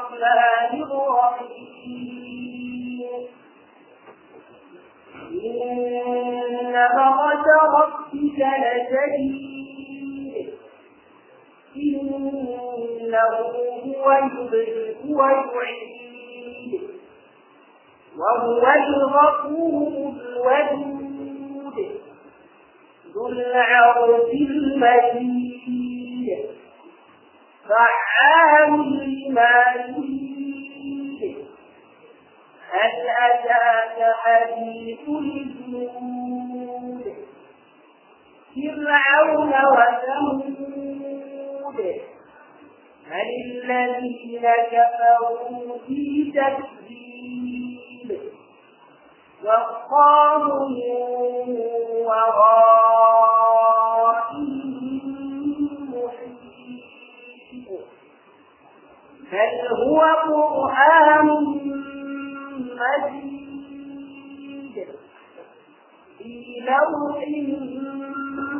الرحمن الرحيم إن بغت ربك لشديد إنه هو يبرئ ويعيد وهو الغفور الودود ذو العرش المجيد فعال مريض هل أتاك حديث الجنود فرعون وثمود الذين كفروا في تكذيب وقالوا من بل هو قرآن مجيد في لوح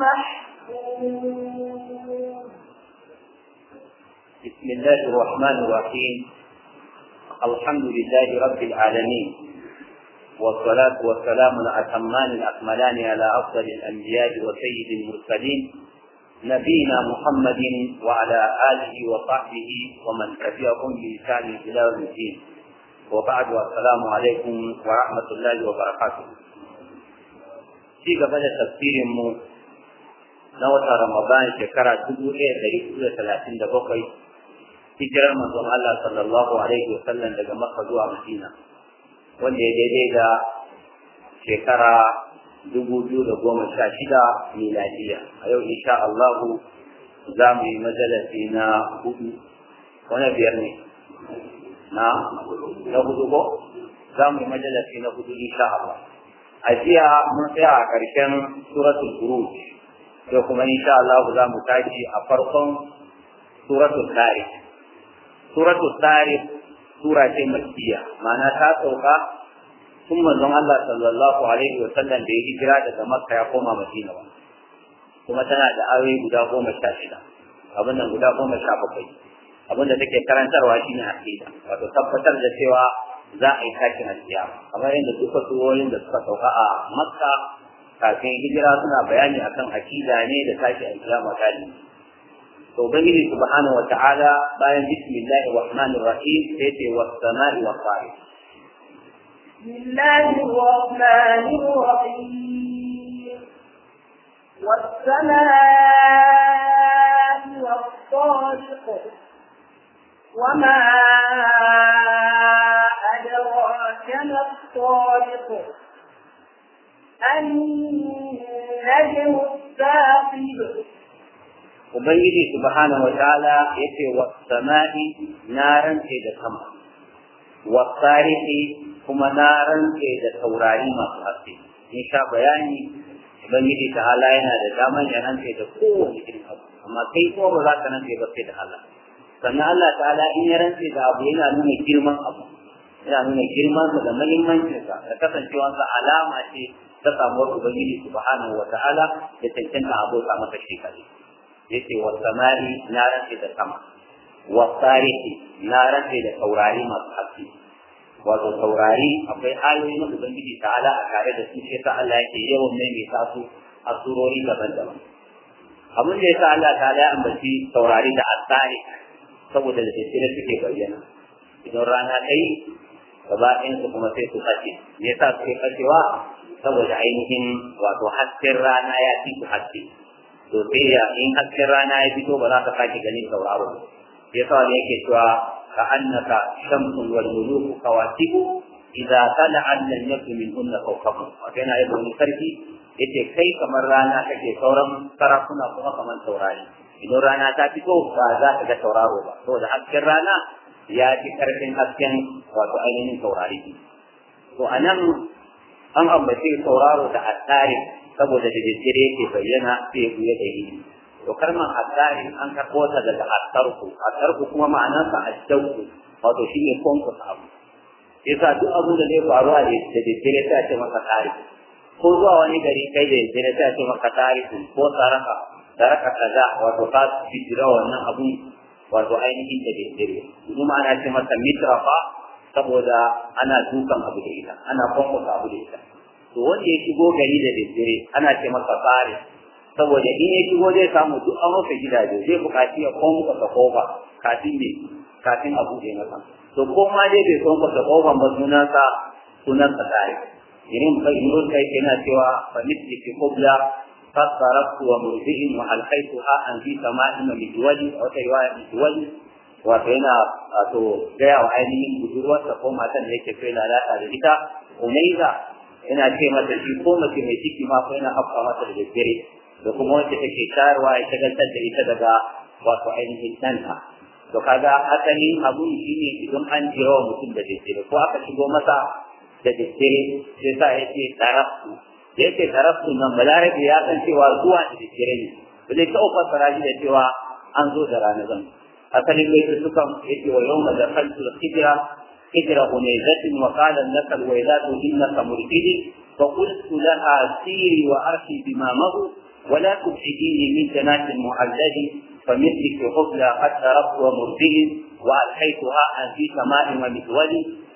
محفوظ بسم الله الرحمن الرحيم الحمد لله رب العالمين والصلاة والسلام الأتمان الأكملان على أفضل الأنبياء وسيد المرسلين نبينا محمد وعلى آله وصحبه ومن تبعهم بإحسان إلى يوم الدين وبعد والسلام عليكم ورحمة الله وبركاته في قبل تفسير مو نوت رمضان شكرا تبو إيه دريد ثلاثين دقوقي في جرم الله صلى الله عليه وسلم Makka zuwa مدينة wanda ya شكرا dubu biyu da goma sha shida miladiya a yau insha Allahu za mu yi majalasi na hudu wani biyar ne na na hudu ko za mu yi majalasi na hudu insha Allah a jiya mun tsaya a ƙarshen suratul buruj da kuma insha Allahu! za mu tashi a farkon suratul tariq suratul tariq sura ce makkiya ma'ana ta sauka tun manzon Allah sallallahu alaihi wa sallam da ya hijira daga Makka ya koma Madina ba kuma tana da aure guda goma sha shida abin nan guda goma sha bakwai abin da take karantarwa shi shine aqida wato tabbatar da cewa za a yi tashin asiya kamar yadda duka surorin da suka sauka a Makka kafin hijira suna bayani akan aqida ne da tashi asiya magani to ubangiji subhanahu wa ta'ala bayan bismillahir rahmanir rahim sai ce was sama'i was بسم الله الرحمن الرحيم والسماء والطارق وما أدراك ما الطارق النجم الثاقب Ubangiji subhanahu wa ta'ala ya ce wa sama'i na rance da wa kuma na rantse da taurari masu haske in sha bayani ubangiji ta hala yana da daman ya rantse da kowane irin abu amma kai ko ba za ka rantse ba sai da Allah sannan Allah ta'ala in ya rantse da abu yana nuna girman abu yana nuna girman sa da muhimmancinsa da kasancewarsa alama ce ta samuwar ubangiji subhanahu wa ta'ala da tantanta abota masa shi kadai yace wa samari na rantse da sama wa tarihi na rantse da taurari masu haske wato saurari akwai ayoyi na ubangiji ta'ala a tare da su sai ta Allah yake yawan mai su a surori daban-daban abin da yasa Allah ala ya ambaci saurari da asari saboda da tsire suke bayyana idan rana ta yi gaba su kuma sai su kashe me yasa suke wa? saboda ainihin wato hasken rana ya fi su haske to sai ya in hasken rana ya fito ba za ka sake ganin sauraro yasa ne yake cewa كأنك شمس والملوك كواكب إذا طلع لم يكن منهن كوكب وكان أيضا يسرقي يتي كي كما رانا كي تورم تراكنا كما كما توراي إن رانا تاتيكو فازا كي توراه با سوى حق رانا ياتي كركين أسكن وتعلن توراي وأنا أم أبتي توراه تأثاري كبو تجدد جريكي فإينا في يديه to kalmar asari an karɓo ta daga asarku asarku kuma ma'anarsa ashauku wato shi ne kwanku abu yasa duk abu da zai faru a da daddare ta ce masa tsari ko zuwa wani gari kai da daddare ta ce maka tsari ko tsaraka saraka, kaza wato ka fitira wannan abu wato ainihin da daddare kuma ana ce masa mitrafa saboda ana dukan abu da ita ana kwanku abu da ita to wanda ya shigo gari da daddare ana ce masa tsari saboda in ya shigo zai samu duk an rufe gidaje zai bukaci ya komo ka sako kafin ne kafin a buɗe masa to ko ma dai bai son ka sako ba ba sunan sa sunan sa tare irin kai in rufe kai yana cewa fa mitti ki kubla fa sarattu wa murdihi wa alqaitu ha an fi sama'in wa wa yana to gaya wa ainihin budurwar ko matan da yake kai lalata da ita umaiza yana ce mata shi ko mace mai ciki ma ko yana hafa mata da daddare da kuma wacce take shayarwa ya shagaltar da ita daga wato ainihin ɗanta to kaga asalin abun shine idan an jira wa mutum da daddare ko aka shigo masa da daddare sai sa ya ce tsaraftu da yake tsaraftu nan balarabe ya san cewa zuwa da daddare ne ba zai taɓa fassara shi da cewa an zo da rana zan asalin laifin sukan yake wa yau da kalsul hijira hijira hunayzatin wa qala an-nasl wa idatu inna samurqidi فقلت لها سيري وأرشي بما مضوا ولكم في ديني من جنات معلد فمثلك حبلى قد تربت ومرده والقيتها في سماء ومثول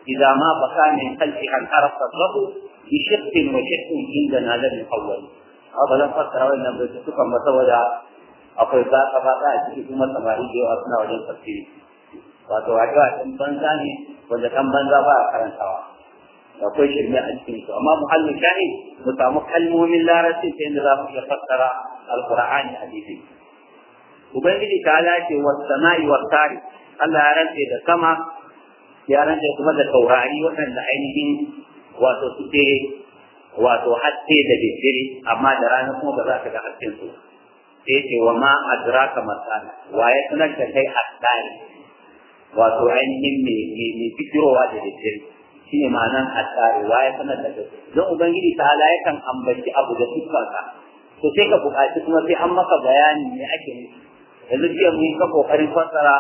اذا ما بقى من ان عرفت الرب بشق وشق عندنا لم يقول هذا لم فكر وان بيتك مسودا akwai baka baka a ciki kuma samari da yawa suna wajen tafsiri wato a kan banza ne wanda kan banza ba akwai shirme a cikin su amma muhallu shahi mu samu kalmomin larabci ta yadda za mu iya fassara alqur'ani a daidai ubangiji ta lace wa sana'i wa tari Allah ya rantse da sama ya rantse kuma da taurari waɗanda ainihin wato suke wato haske da daddare amma da rana kuma ba za ka ga hasken su sai ce wa ma adraka masana wa ya sanar da kai hasari wato ainihin mai fikirowa da daddare shi ne ma'anan attarewa ya sanar da kai don ubangiji ta ala yakan ambaci abu da siffarsa to sai ka buƙaci kuma sai an maka bayani me ake nufi yanzu jiya mun ka kokarin fassara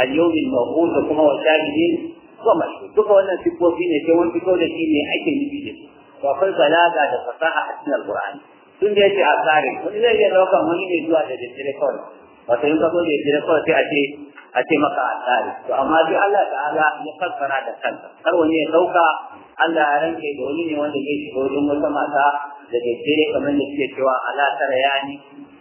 al-yawmin da kuma wa shahidin wa mashhud duka wannan siffofi ne sai wani fito da shi ne ake nufi da shi to akwai balaga da fasaha a cikin alqur'ani tun da yake asari wani zai iya ɗaukar wani ne zuwa da daddare kawai wato in ka zo da daddare kawai sai a ce a ce maka a tsari to amma duk Allah ta'ala ya fassara da kansa kar wani ya dauka Allah ya ranke da wani ne wanda ke shiga don wata mata da daddare kamar da suke cewa ala tara yani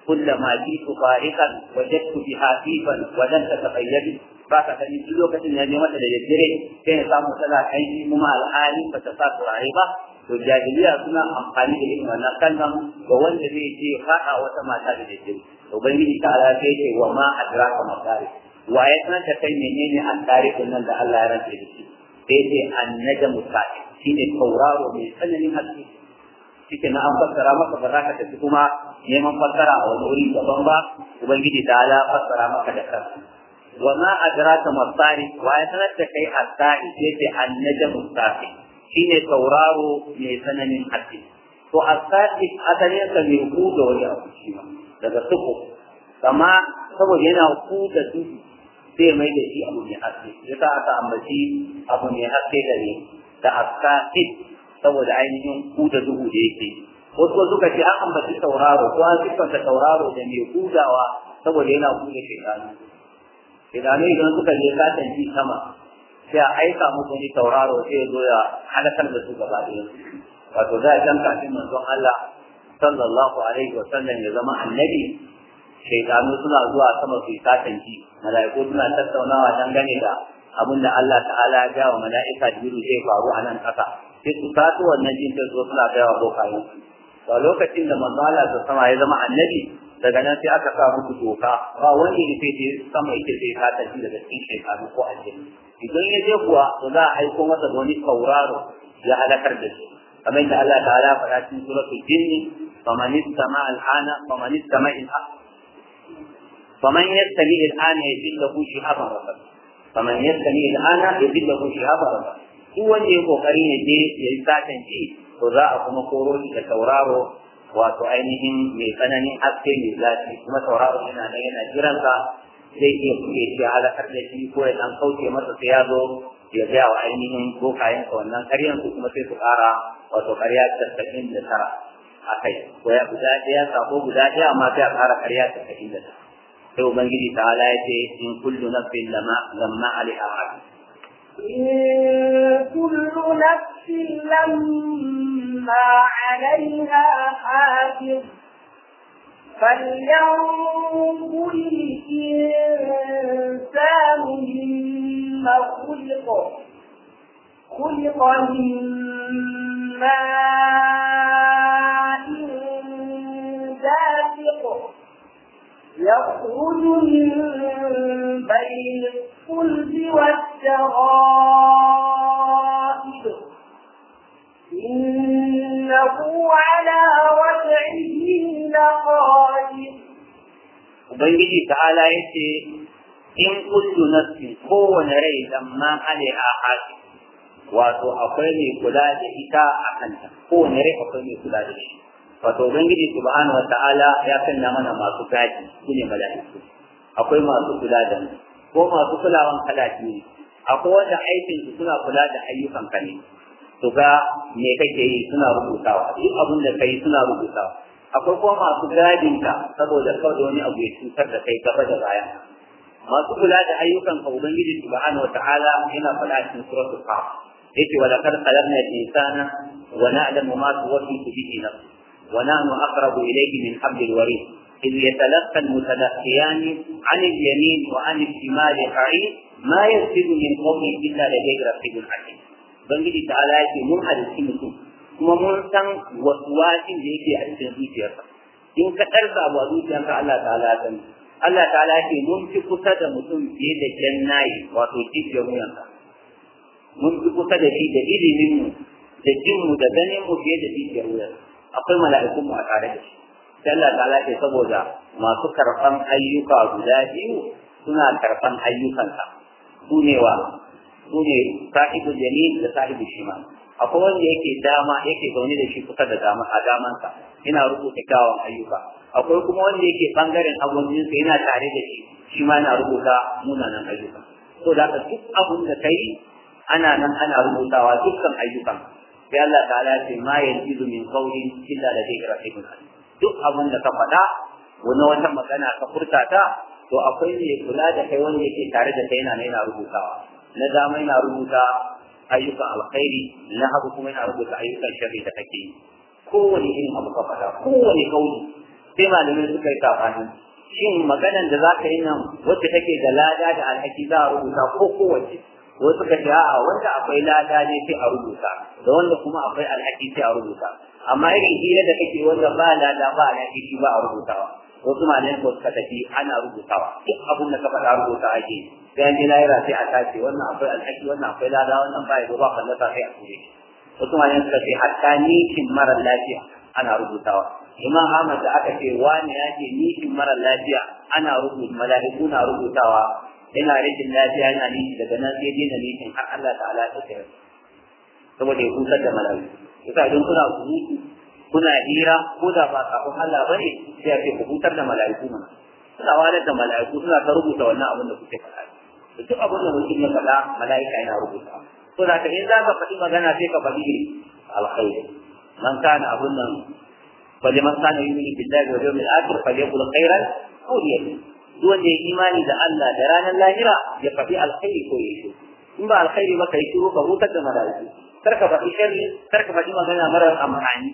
kullama jitu fariqan wajadtu biha fiban wa ta tataqayyad ba ka gani duk lokacin da ne mata da daddare sai ya samu tana kai kuma al'ali ba ta sa turare ba to jahiliya suna amfani da irin wannan kalman ga wanda zai je faɗa wata mata da daddare ubangiji ta ala sai ce wa ma adraka Waye ya sanar da kai menene an tarihin nan da Allah ya rantsa da shi sai ce annajmu sa'i shine tauraro mai tsananin haske shike na an fassara maka ba ta ka kuma neman fassara a wani wuri daban ba ubangiji ta ala fassara maka da kanka wa ma adraka masari wa ya sanar da kai asari sai ce annaja sa'i shine tauraro mai tsananin haske to asari asalin sa mai ku da wani abu shi daga suku kama saboda yana ku da duhu sai mai da shi abu mai haske ya sa aka ambaci abu mai haske gare da haska hit saboda ainihin kuda duhu da yake wasu wasu ce an ambaci tauraro ko an siffanta tauraro da mai kudawa saboda yana kuda shekaru shekaru idan suka je katon ji sama sai a aika muku ni tauraro sai ya zo ya halakar da su gaba ɗaya wato za a jan kafin manzon Allah sallallahu alaihi wa sallam ya zama annabi shaitanu suna zuwa sama su tsakanci mala'iku suna tattaunawa dan gane da abin da Allah ta'ala ya ga wa mala'ika jiru zai faru a nan kasa sai su sato wannan jin da zuwa suna ga wa bokayen to lokacin da manzo Allah ta sama ya zama annabi daga nan sai aka sa muku doka ba wani da rufe da sama yake sai zai satanci daga cikin shaitanu ko aljanna idan ya je kuwa to za a haiko masa da wani tauraro ya halakar da shi kamar da Allah ta'ala faɗa cikin suratul jinni فمن istama الآن فمن faman istama faman yastami al'ana yajid lahu shihaban rasad faman yastami al'ana yajid lahu shihaban rasad duk wanda ya kokari ne je ya yi satan ji to za a kuma koro da tauraro wato ainihin mai tsananin aske mai zafi kuma tauraro yana nan yana jiransa zai iya kuɗe shi halakar da shi ko ya dan kauce masa sai ya zo ya gaya wa ainihin bokayensa wannan karyan su kuma sai su ƙara wato karya da tara a kai guda ɗaya guda ɗaya amma sai a ƙara da tara sai ubangiji ta'ala ya ce in kullu nafsin lama lamma alaiha abd كل نفس لما عليها حافظ فلينظر الإنسان مما خلق خلق من ماء دافق يخرج من بين الصلب والترائب إنه على وسعه لقادر Ubangiji ta'ala ya ce, In kullu nafsin kowane rai zamma alaiha hafi, wato akwai mai kula da ita a kanta, kowane rai akwai mai kula da shi. wato ubangiji subhanahu wataala ya sanya mana masu gadi shine mala'iku akwai masu kula da mu ko masu kulawan kala ne akwai wanda aikin su suna kula da ayyukan ka ne to ga me kake yi suna rubutawa duk abin da kai suna rubutawa akwai kuma masu gadin ka saboda kawai wani abu ya cutar da kai gaba da baya masu kula da ayyukan ka ubangiji subhanahu wataala yana faɗa cikin suratul qaf yake wa laqad khalaqna al-insana wa na'lamu ma tuwaswisu bihi nafsuhu ونحن اقرب اليه من حبل الوريد اذ يتلقى المتلقيان عن اليمين وعن الشمال قعيد ما يسجد من قومه الا لديه رقيب حكيم بنجد تعالى في من حديث مسلم كما من سن وسواس يأتي حديث مسلم إن كترزع وضوط ينفع الله تعالى تعالى الله تعالى في من تقصد سد مسلم يد جناي وتوجيب يوم ينفع من تقصد سد منه تجمه دبنه في يد جيد يوم ينفع akwai mala'ikun mu a tare da shi Allah ta'ala ce saboda masu karfan ayyuka guda biyu suna karfan ayyukansa su ne wa su ne sahibu jamil da sahibu shima akwai wanda yake dama yake zaune da shi kusa da dama a damansa yana rubuta kyawun ayyuka akwai kuma wanda yake bangaren agwajinsa yana tare da shi shi ma yana rubuta munanan ayyuka So da duk abun da kai ana nan ana rubutawa dukkan ayyukan sai Allah ta'ala ce ma yaljizu min qawlin illa da zai ladayhi raqibun duk abin da ka faɗa wani wata magana ka furta ta to akwai mai kula da kai wanda yake tare da kai yana yana rubutawa na dama yana rubuta ayyukan alkhairi na hagu kuma yana rubuta ayyukan sharri da kake yi kowane irin abu ka faɗa kowane kauli sai malamai suka yi kafani shin maganan da za ka yi nan wacce take da lada da alhaki za a rubuta ko kowace wasu suka ce wanda akwai lada ne sai a rubuta da wanda kuma akwai alhaki sai a rubuta amma irin hira da kake wanda ba lada ba alhaki shi ba a rubutawa wasu malayan ko suka tafi ana rubutawa duk abin da ka faɗa rubuta ake sai an ji lahira sai a tace wannan akwai alhaki wannan akwai lada wannan ba ya zo ba fallasa sai a ture wasu malayan suka ce hatta nishin mara lafiya ana rubutawa imam ahmad da aka ce wani ya ce nishin mara lafiya ana rubuta mala'iku na rubutawa yana rikin lafiya yana nishi daga nan sai dina nishin har Allah ta'ala ta kira saboda ya kusa da malawi yasa idan kuna kunutu kuna hira ko da ba kafin Allah bane sai a ce ku kusar da mala'iku mana suna walar da mala'iku suna ta rubuta wannan abin da kuke faɗa duk abin da mutum ya faɗa mala'ika yana rubuta to da ka in za ka faɗi magana sai ka faɗi alkhairi man kana abun nan فلمن ne, يؤمن بالله واليوم الاخر فليقل خيرا او ليكن duk wanda ya imani da Allah da ranar lahira ya faɗi alkhairi ko ya shi in ba alkhairi ba kai shiru ka hutar da mala'iku kar ka faɗi kar ka faɗi magana marar amfani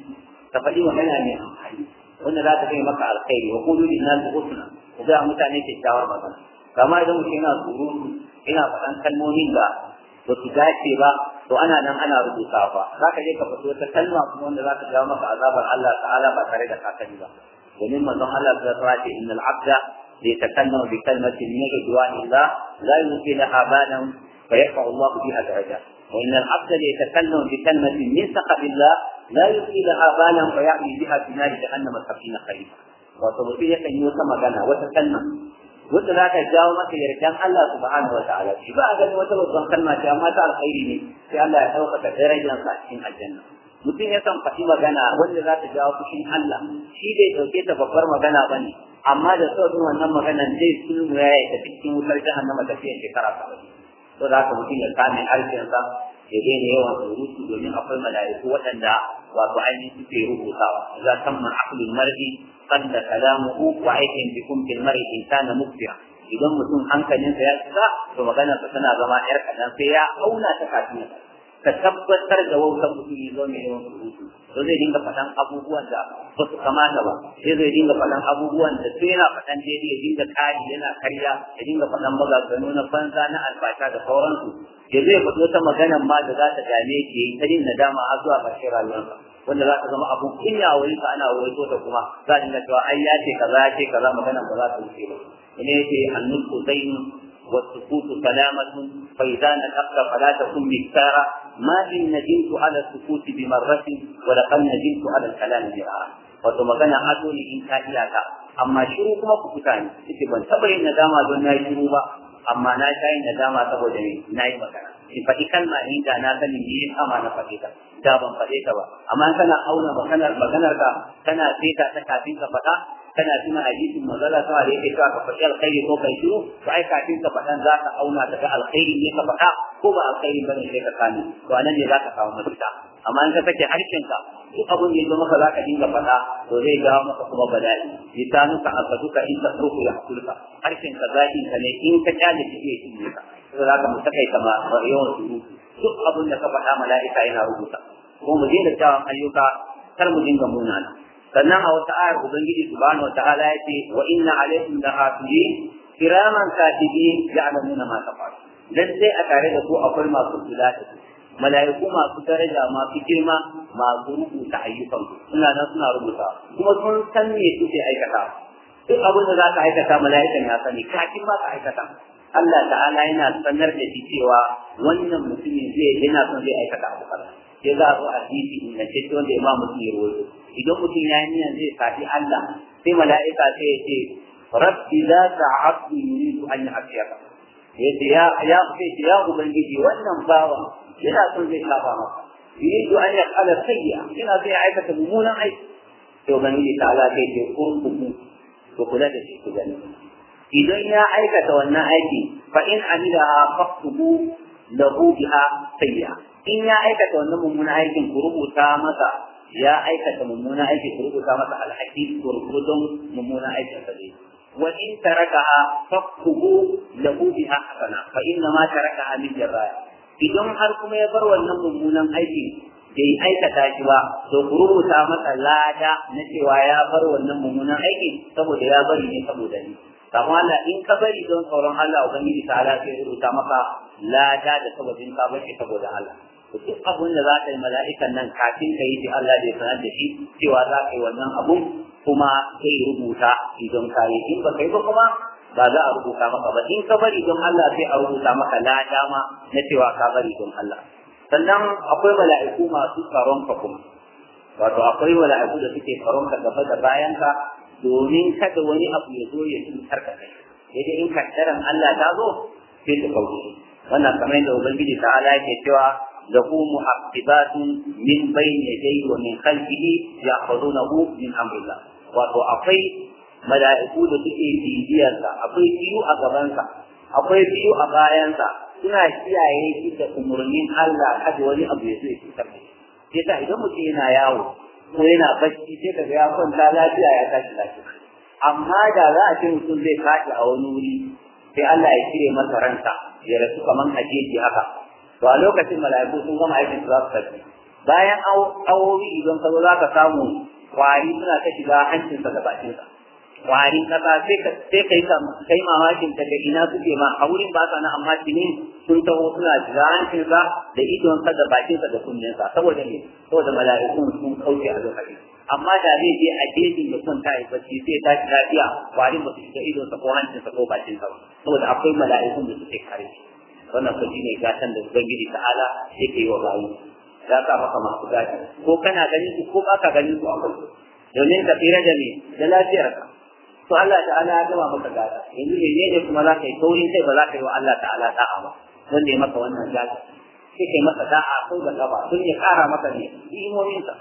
ka faɗi magana mai amfani wanda za ta kai maka alkhairi wa qulu lin nas husna ku ga mutane kyakkyawar magana kama idan mutum yana surutu ina faɗan kalmomin da ba su dace ba to ana nan ana rubuta fa za ka je ka faɗi wata kalma kuma wanda za ka jawo maka azabar Allah ta'ala ba tare da kakani ba domin manzon Allah ta ce innal abda ليتكلم بكلمة من دعاء الله لا يلقي لها بالا فيرفع الله بها درجة وإن العبد ليتكلم بكلمة من سخط الله لا يلقي لها بالا فيعني بها في نار جهنم السكينة خليفة وتوصيه كان يسمى جنا وتكلم قلت ذاك الجاوبة يرجان الله سبحانه وتعالى شفاء جنة وتوصى كلمة جامعة الخير لي في الله يحوق تدرجا صاحبين الجنة mutum ya san fahimta gana wanda za ta jawo fushin Allah shi dai dauke ta babbar magana bane amma da sauƙin wannan maganan zai sulmu ya yi tafi cikin wutar jahannama tafiyar shekara saba'in to za ka mutum ya kame alfiyansa ya daina yawan surutu domin akwai mala'iku waɗanda wato ainihin suke rubutawa za ta man aqlul mar'i qalla kalamuhu wa aikin bikum ita mar'i insana mukbira idan mutum hankalinsa ya tsaka to maganarsa tana zama yar kadan sai ya auna ta kafin ka tabbatar da wautar mutum ya zo mai yawan surutu to zai dinga faɗan abubuwan da ba su kamata ba sai zai dinga faɗan abubuwan da sai yana faɗan daidai ya dinga ƙari yana karya ya dinga faɗan magaganu, na banza na albasha da sauransu ya zai faɗo ta maganan ma da za ta dame yi ta yin nadama har zuwa ƙarshen rayuwarsa wanda za ta zama abun kunya wani ka ana waito ta kuma za a dinga cewa ai ya ce kaza ya ce kaza maganan ba za ta wuce ba ne ya ce sosai والسكوت سلامة فإذا نطقت فلا تكن مكثارا ما إن ندمت على السكوت بمرة ولقد ندمت على الكلام بمرة وثم كان أتون إن كان إلى ذا أما شروع كما كتاني إتبان تبعي ندامة دون ناي شروع أما ناي تاي ندامة تبعي جميع ناي مكان إن فتكن ما إن كان ناسني ميهن أما نفتك دابا فتك أما كان أولا وكان المكان كان سيدا تكافين فتك kana tuna hadisin manzala ta da yake cewa ka faɗi alkhairi ko kai shiru to ai kafin ka faɗan za ka auna daga alkhairi ne ka faɗa ko ba alkhairi bane sai ka kame to anan ne za ka samu mafita amma in ka sake harshenka duk abin da ya maka za ka dinga faɗa to zai jawo maka kuma bala'i lisanuka asaduka in tasruku ka. harshenka ka ne in ka kyale shi zai cinye ka sai za ka mu takaita ma yawan suru duk abin da ka faɗa mala'ika yana rubuta ko mu daina cewa ayyuka kar mu dinga munana sannan a wata ayar ubangiji subhanahu wataala ya ce wa inna alaikum da hafizin kiraman katibin ya'lamuna ma tafalun dan sai a tare da ku akwai masu kula da ku mala'iku masu daraja masu girma masu rubuta ayyukan ku suna nan suna rubuta kuma sun san me suke aikata duk abin da za ka aikata mala'ikan ya sani kafin ba ka aikata Allah ta'ala yana sanar da shi cewa wannan mutumin zai yana son zai aikata abu kaza sai za a zo a hadisi ingantacce wanda imam ya rawaito idan mutum ya yi niyan zai safi Allah sai mala'ika sai ya ce rabbi la ta'abdu yuridu an ya'tiyaka yace ya ya ce ya ubangiji wannan bawa yana son zai saba maka yuridu an yaqala sayya yana zai aikata mummunan aiki to ubangiji ta Allah sai ce kurkuku ku kula da shi ku gani idan ya aikata wannan aiki fa in amila faqtubu lahu biha sayya in ya aikata wannan mummunan aikin ku rubuta masa ya aikata mummunan aiki ku rubuta masa alhaki gurgudun mummunan aikin sa dai wa in tarakaha fakkuhu lahu biha hasana fa inna ma tarakaha min jarraya idan har kuma ya bar wannan mummunan aiki bai aikata shi ba to ku rubuta masa lada na cewa ya bar wannan mummunan aiki saboda ya bari ne saboda ni kamar Allah in ka bari don tsoron Allah ubangiji ta Allah sai rubuta maka lada da sababin ka bari saboda Allah duk abin da za ka yi mala'ikan nan kafin ka yi fi Allah ya sanar da shi cewa za ka yi wannan abun kuma sai rubuta idan ka yi in ba ka yi ba kuma ba za a rubuta maka ba in ka bari don Allah sai a rubuta maka lada ma na cewa ka bari don Allah sannan akwai mala'iku masu tsaron ka kuma wato akwai mala'iku da suke tsaron ka gaba da bayan ka domin kada wani abu ya zo ya cutar ka kai sai in kaddaran Allah ta zo sai ta kauce wannan kamar yadda ubangiji ta ala yake cewa له معقبات من بين يديه ومن خلفه يحفظونه من امر الله wato akwai mala'iku da suke bibiyarsa akwai biyu a gabansa akwai biyu a bayansa suna kiyaye shi da umarnin Allah kada wani abu ya zo ya cutar da shi sai idan mutum yana yawo ko yana bacci sai kaga ya kwanta lafiya ya tashi lafiya amma da za a ce mutum zai kaɗi a wani wuri sai Allah ya kire masa ranta ya rasu kaman ajeji haka to a lokacin mala'iku sun gama aikin su za su tafi bayan awowi idan ka zo za ka samu kwari suna ta shiga hancinsa da bakinsa kwarin kasa sai kai kai mamakin daga ina suke ma a wurin ba na amma tuni sun taho suna shiga hancinsa da idonsa da bakinsa da kunninsa saboda ne saboda mala'ikun sun kauce a lokacin amma da zai je a gefen da ta yi bacci sai ta shi lafiya kwarin ba su shiga idonsa ko hancinsa ko bakinsa ba saboda akwai mala'ikun da suke kare shi wannan fa shine gatan da ubangiji ta'ala yake yi wa bayi ya sa maka masu gaji. ko kana ganin su ko baka ganin su akwai domin ka tsira da me da lafiyarka to Allah ta'ala ya gama maka gaji. yanzu ne ne kuma za ka yi taurin kai ba za ka yi wa Allah ta'ala da'a ba wanda ya maka wannan gaji. sai kai masa da'a ko da gaba sun ya kara maka ne imominka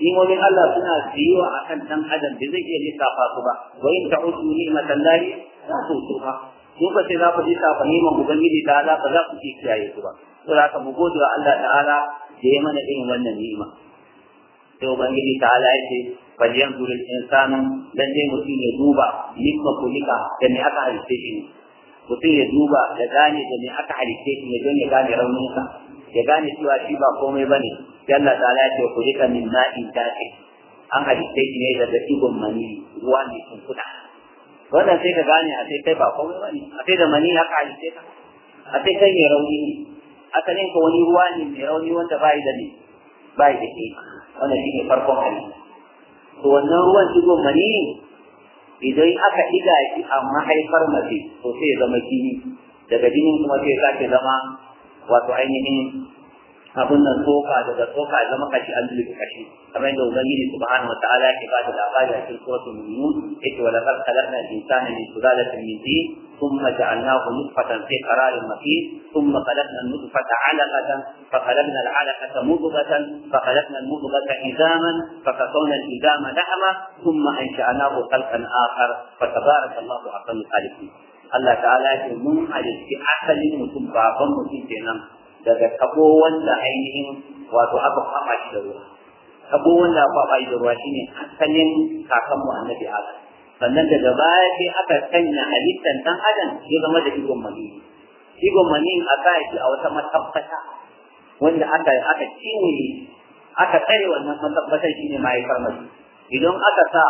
imomin Allah suna a kan ɗan adam da zai iya lissafa su ba wa in ta'udu ni'matallahi la tusuha lokacin za ku ji safahiman ubangiji ta ala ba za ku ji kiyaye su ba to za ka mu gode wa Allah ta'ala da ya mana irin wannan ni'ima sai ubangiji ta ala ya ce falyan zuri insanu dan dai mutum ya duba nikka kulika da me aka halitta shi ne mutum ya duba ya gane da me aka halitta shi ne don ya gane rauninsa ya gane cewa shi ba komai bane sai Allah ta'ala ya ce kulika min ma'in dafi an halitta shi ne daga digon mani ruwa mai tunkuɗa wannan sai ka gane a sai kai ba komai ba ne a sai da mani haka a sai ka a sai kai mai rauni ne asalin ka wani ruwa ne mai rauni wanda ba da ne ba da ke wannan shi ne farkon hali to wannan ruwan shi zo mani idan aka ɗiga shi a mahaifar mace to sai ya zama jini daga jinin kuma sai ya sake zama wato ainihin abin nan tsoka daga tsoka ya zama kashi an duka kashi kamar yadda ubangiji subhanahu wataala yake ba da labari a cikin suratul mu'minun yake wa laqad khalaqna al-insana min sulalatin min tin thumma ja'alnahu nutfatan fi qararin makin thumma khalaqna an-nutfata 'alaqatan fa khalaqna al-'alaqata mudghatan fa khalaqna al-mudghata idhaman fa qatawna al-idhama lahma thumma ansha'nahu khalqan akhar fa tabarakallahu ahsanul khaliqin Allah ta'ala ya ce mun halitti asalin mutum baban mutum kenan daga tabo wanda ainihin wato aka kwaba shi da ruwa tabo wanda aka kwaba shi da ruwa shine asalin kakanmu annabi adam sannan daga baya sai aka sanya halittar dan adam ya zama da igon mani igon mani a sa shi a wata matabbata wanda aka aka cinye aka tsare wannan matabbatar shine ma'aikar mace idan aka sa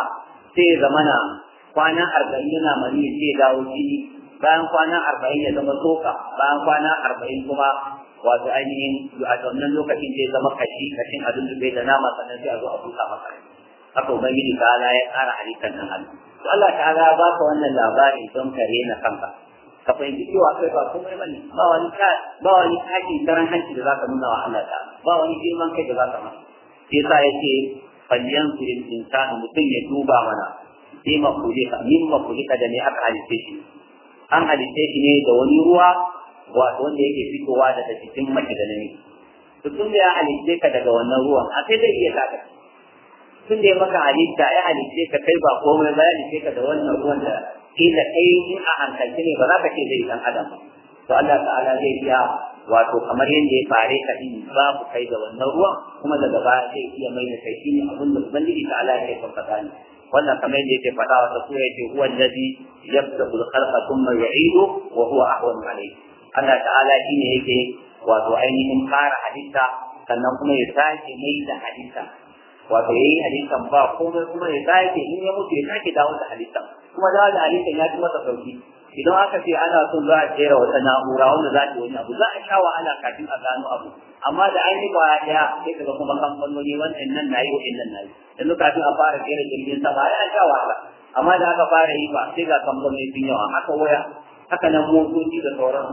sai ya zamana kwana arba'in yana mani sai ya dawo jini bayan kwana arba'in ya zama soka bayan kwana arba'in kuma wato ainihin a wannan lokacin zai zama kashi kashin abin da bai da nama sannan sai a zo a buka maka haka ubangiji ta ala ya ƙara halittar nan hannu to Allah ta ala ba ka wannan labarin don ka rena kanka ka fahimci cewa kai ba komai bane ba wani ka ba wani kashi karan hanci da zaka nuna wa Allah ta ba wani girman kai da zaka masa sai yasa yake falyanzu lil insani mutum ya duba mana bima kulika mimma kulika da ne aka halitte shi an halitte shi ne da wani ruwa wato wanda yake fitowa daga cikin mace da namiji to tun da ya halitte ka daga wannan ruwan a sai zai iya taka tun da ya maka halitta ya halitte ka kai ba komai ba ya halitte ka da wannan ruwan da kila kai in a hankalci ne ba za ka ce zai san adam to Allah ta'ala zai iya wato kamar yadda ya fare ka din ku kai da wannan ruwan kuma daga baya zai iya mai da kai shine abin da ubangiji ta'ala ya tabbata ne wannan kamar yadda yake faɗa wata sura yake huwa allazi yabda'u al khalqa thumma yu'idu wa huwa ahwanu alayhi Allah ta'ala shi ne yake wato ainihin fara halitta sannan kuma ya sake mai da halitta wato ya yi halittan ba komai kuma ya sake in ya mutu ya sake dawo da halittan kuma dawo da halittan ya fi masa sauki idan aka ce ana son za a jera wata na'ura wanda za ta wani abu za a sha wahala kafin a gano abu amma da an yi ba ɗaya sai ka ga kuma kamfanoni wannan nan na yi wannan na yi Da yanzu kafin a fara jera jirgin sama ya sha wahala amma da aka fara yi ba sai ga kamfanoni sun yawa haka waya haka nan motoci da sauran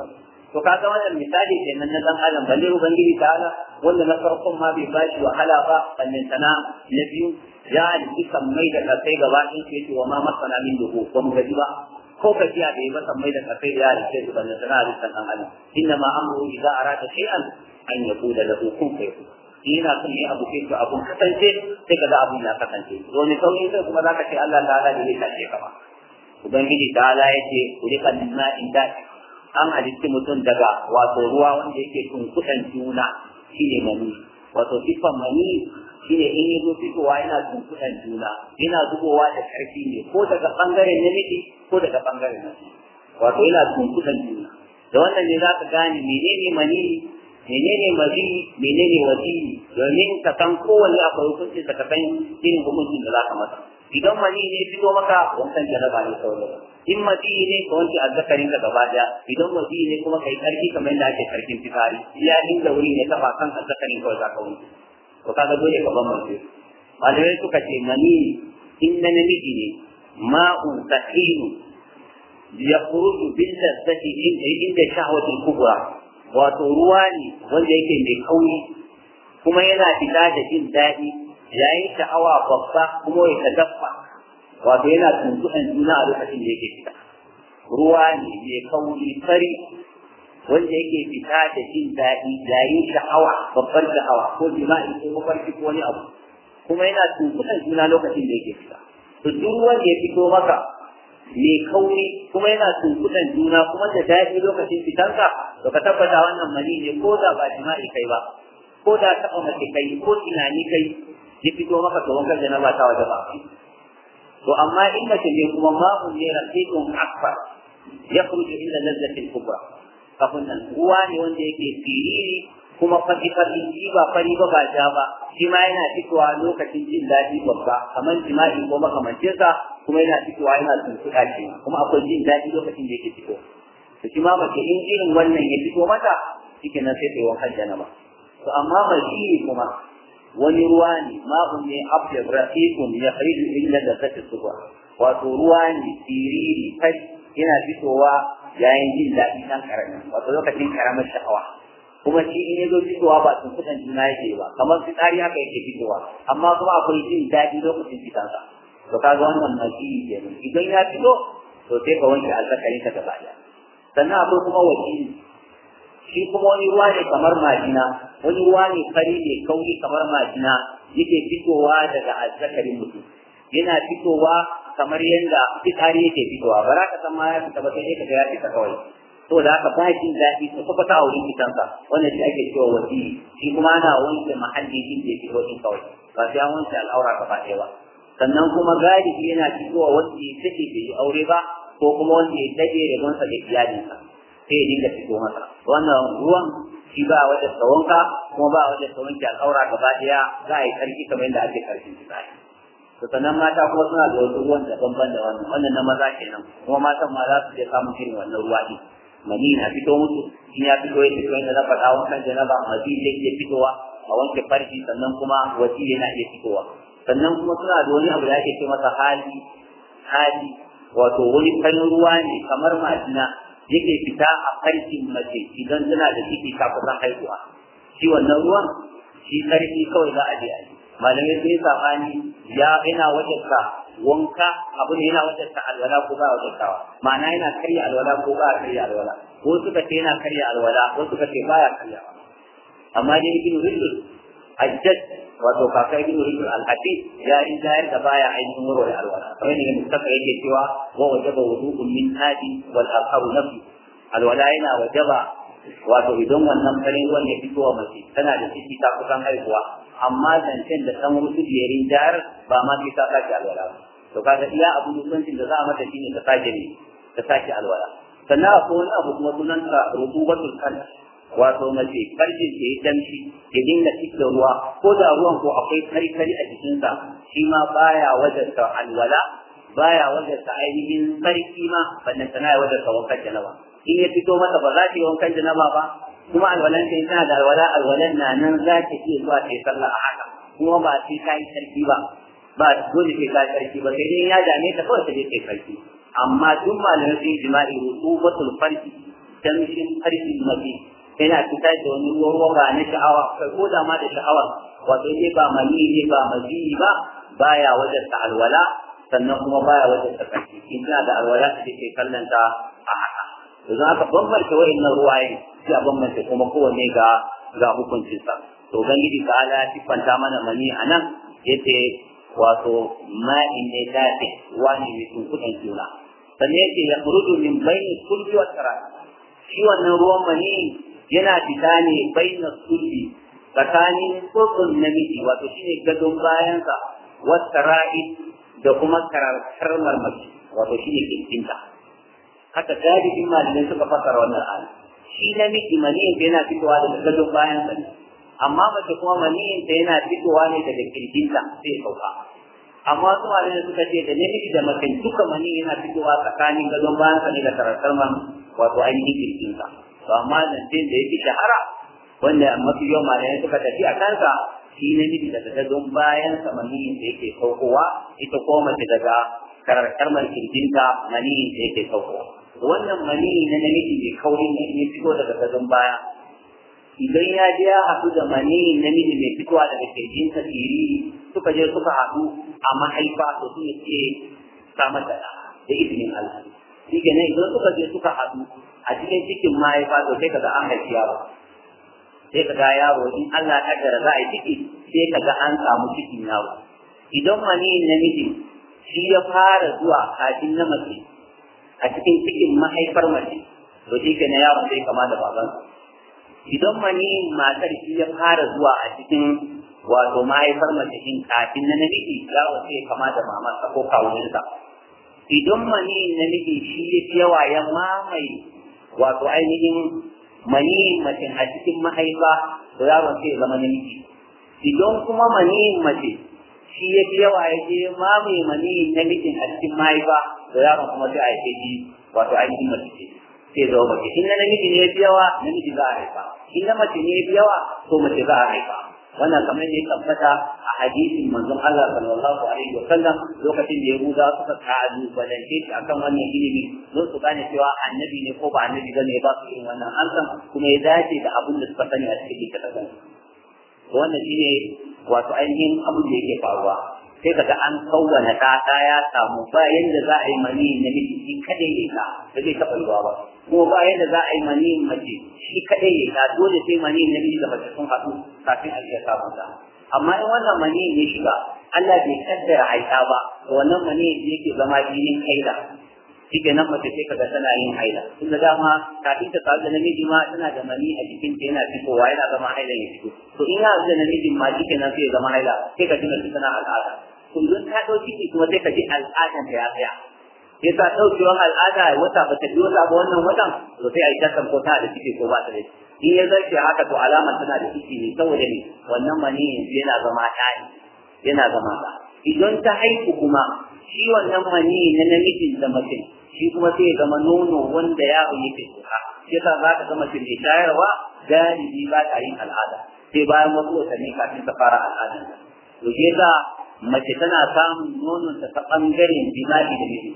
to kaga wannan misali kenan na dan adam balle ubangiji ta'ala wanda na farkon ma bai bashi wahala ba sannan sana na biyu ya alki mai da kasai ga bakin ce wa ma masana min duhu ko mu gaji ba ko kafiya da yi masa mai da kasai ya alki su sannan sana alki dan adam inna ma amru idza arada shay'an an yaqula lahu kun fayakun yana son yi abu to abun kasance sai kaga abun ya kasance to ne sauki sai kuma zaka ce Allah ta'ala ne ya kace ka ba ubangiji ta'ala yace ku rika nima inda an halitti mutum daga wato ruwa wanda yake tunkuɗan juna shi ne mani wato siffan mani shi ne in yi zo fitowa yana tunkuɗan juna yana zubowa da ƙarfi ne ko daga ɓangaren namiji ko daga ɓangaren namiji wato yana tunkuɗan juna da wannan ne za ka gane menene mani menene mazi menene wazi domin ka san kowanne akwai hukunci da ka san irin hukuncin da za ka masa idan mani ne fito maka wancan jaraba ne kawai in mafi ne ka wanke azzakarin ka gaba daya idan mafi ne kuma kai karfi kamar yadda ake karfin fitari ya inda wuri ne kafa kan azzakarin kawai zaka wanke ka ga dole ka ban mafi malamai suka ce mani in na namiji ne ma'un sahihun ya kurutu bin lazzati inda shahawatul kubra wato ruwa ne wanda yake mai kauri kuma yana fita da jin daɗi yayin sha'awa babba kuma ya tadaffa wato yana tuntuɓen juna a lokacin da yake fita ruwa ne mai kauri fari wanda yake fita da jin daɗi yayin sha'awa babbar sha'awa ko jima'i ko mafarki ko wani abu kuma yana tuntuɓen juna lokacin da yake fita to duk wanda ya fito maka mai kauri kuma yana tuntuɓen juna kuma da daɗi lokacin fitanka to ka tabbata wannan mani ne ko da ba jima'i kai ba ko da taɓa mace kai ko tunani kai ya fito maka to wankan da na ba ta waje ba to amma in mace ne kuma ma'un ne rafiqun akbar yakhruju inda lazzatil kubra kafin nan ruwa ne wanda yake firiri kuma fari fari shi ba fari ba ba ja ba shi ma yana fitowa lokacin jin daɗi babba kamar jima'i ko sa kuma yana fitowa yana tuntuɗa shi kuma akwai jin daɗi lokacin da yake fito to shi ma mace in irin wannan ya fito mata shi kenan sai ta yi wankan ba to amma mai kuma wani ruwa ne ma'un ne afiyar rafiqun ya khairu illa da sake suba wato ruwa ne siriri kai yana fitowa yayin jin daɗi ɗan karamin wato lokacin karamar sha'awa kuma shi in yazo fitowa ba sun kuɗin juna yake ba kamar fitsari haka yake fitowa amma kuma akwai jin daɗi lokacin fitansa to ga wannan majiyi kenan idan ya fito to sai ka wanke alzakarin ka gaba ɗaya sannan akwai kuma wakili shi kuma wani ruwa ne kamar majina wani ruwa ne fari mai kauri kamar majina yake fitowa daga azzakarin mutum yana fitowa kamar yadda fitari yake fitowa ba za ka san ma ya fita ba sai dai ka ga ya fita kawai saboda haka ba jin zafi ko kuma ta auri kitansa wannan shi ake cewa waziri, shi kuma ana wanke mahalli din da fito din kawai ba sai an wanke al'aura ka ɗaya ba sannan kuma galibi yana fitowa wanda ya take bai aure ba ko kuma wanda ya dade da gonsa da iyalinsa sai ya dinga fito masa wannan ruwan shi ba wajen tsawonka kuma ba wajen tsawonki a tsaura gaba ɗaya za a yi ƙarfi kamar yadda ake ƙarfin zai to sannan mata kuma suna da wasu ruwan daban-daban da wannan wannan na maza kenan kuma matan ma za su je samun irin wannan ruwa ɗin mani na fito musu shi ya fito ya fito inda na faɗa wannan Ma mazi ya iya fitowa a wanke farji sannan kuma wasi yana iya fitowa sannan kuma suna da wani abu da ake ce masa hali hali wato wani kan ruwa ne kamar majina yake fita a farkin mace idan tana da ciki ta kusan haihuwa shi wannan ruwan shi karfi kawai za a je a yi malamai sun yi sabani ya yana wajenka wanka abu ne yana wajenta alwala ko ba wajentawa ma'ana yana karya alwala ko ba karya alwala ko suka ce yana karya alwala ko suka ce baya karyawa amma dai ibn a ajjad wato kakai, ibn hisham al-hadid ya rinjayar da baya ainihin warware alwala kamar yadda mustaka yake cewa wa wajaba wudu'un min hadi wal akharu nafi alwala yana wajaba wato idan wannan farin ruwan ya fito wa mace tana da ciki ta kusan haihuwa amma zancen da san rusu ya rinjayar ba ma sai ta sake alwala to kaga iya abu hukuncin da za a mata shine ta sake ne ta sake alwala sannan akwai wani abu kuma sunanta rutubatul kalbi wato mace farjin ta yi damshi ya dinga cikin ruwa ko da ruwan ko akwai kari a jikinsa shi ma baya wajen ta alwala baya wajen ta ainihin sarki ma wannan tana ya wajarta wankan janaba in ya fito mata ba za ta yi wankan janaba ba kuma alwalan ta yana da alwala alwalan na nan za ta iya zuwa ta yi sallah a haka kuma ba sai ta yi sarki ba ba dole sai ta yi sarki ba sai dai ya dame ta kawai ta je ta yi sarki amma duk malamin sun jima'i rutubatul farki damshin farkin mace yana fitar da wani ruwan roba na sha'awa kai ko da ma da sha'awa wato ne ba mani ne ba maziyi ba baya wajen ta alwala sannan kuma baya wajen ta kanti. in tana da alwala ta take kallon ta a haka to za ka bambanta wa'annan ruwaye sai a bambanta kuma kowanne ga ga hukuncinsa to yi ta ala ya kwanta mana mani a nan yace wato ma'in ne ke wani ne sun kudan juna sannan yace ya furudu min bayni kulli wa tarat shi wannan ruwan mani yana fita ne bainar sulbi tsakanin tsotson namiji wato shine gadon bayansa wata ra'i da kuma kararkar marmaki wato shine kirkinta haka galibin malamai suka fasara wannan ayat shi namiji maniyin yana fitowa daga gadon bayansa ne amma mace kuma maniyinta yana fitowa ne daga kirjinta sai sauka amma su ma da suka ce da namiji da mace duka mani yana fitowa tsakanin gadon bayansa ne da karakar man wato ainihin kirjinta to amma zancen da yake shahara wanda mafi yawan malamai suka tafi a kansa shi ne miji daga gadon bayan sa da yake saukowa ita ko mace daga karkar kirjinta maniyin da yake saukowa wannan maniyi na namiji mai kauri ne ya fito daga gadon baya idan ya je ya haɗu da maniyin namiji mai fitowa daga kirjinsa tsiri suka je suka haɗu a mahaifa to su ne suke samar da da Allah shi ne idan suka je suka haɗu a cikin cikin mahaifa to sai kaga an haifi yaro sai kaga yaro in Allah ta kaddara za a yi ciki sai ka ga an samu cikin yaro idan maniyin namiji shi ya fara zuwa kafin na mace a cikin cikin mahaifar mace to shi ke na yaro sai kama da baban. idan maniyin matar shi ya fara zuwa a cikin wato mahaifar mace in kafin na namiji yaro sai kama da mamarsa ko kawuninsa idan maniyin namiji shi ya fi yawa ya mamaye wato ainihin maniyin mace a cikin mahaifa da yaron sai zama namiji idan kuma maniyin mace shi ya fi yawa ya je mamaye maniyin namijin a cikin mahaifa da yaron kuma sai a haife ji wato ainihin mace ce sai zama mace in na namiji ne ya fi yawa namiji za a haifa in na mace ne ya fi yawa to mace za a haifa wannan kamar ne tabbata a hadisin manzon Allah sallallahu alaihi wa sallam lokacin da Yahuda suka ta'adu balance shi akan wannan ilimi don su gane cewa annabi ne ko ba annabi bane ba su irin wannan ansa kuma ya dace da abin da suka sani a cikin littafin wannan shine wato ainihin abin da yake faruwa sai kaga an kawwana ta ya samu Bayan da za a yi mani na miji shi kadai ne ka ba zai taɓa zuwa ba kuma bayan da za a yi mani mace shi kadai ne ka dole sai mani na miji da mace sun haɗu kafin a iya samun ta amma in wannan mani ne shiga Allah bai kaddara aika ba to wannan mani yake zama jinin haila shi ke nan mace sai kaga tana yin haila tun da dama kafin ta sadu da namiji ma tana da mani a jikinta yana fitowa yana zama haila ya fito to in ya da namijin ma shi ke nan sai ya zama haila sai ka ji shi tana al'ada kullum ta ɗau ciki kuma sai ka ji al'adan ta ya tsaya sai ta ɗaukewar al'ada wata ba ta biyo ta ba wannan watan to sai a yi takan ko ta da ciki ko ba ta da in ya zarce haka to alama tana da ciki ne saboda ne wannan maniyin yana zama ɗani yana zama ba idan ta haihu kuma shi wannan mani na namijin da mace shi kuma sai ya zama nono wanda ya yi tsoka shi yasa za ka zama mace mai shayarwa galibi ba ta yin al'ada sai bayan wasu watanni kafin ta fara al'adar to shi yasa mace tana samun nonon ta ta bangaren jima'i da miji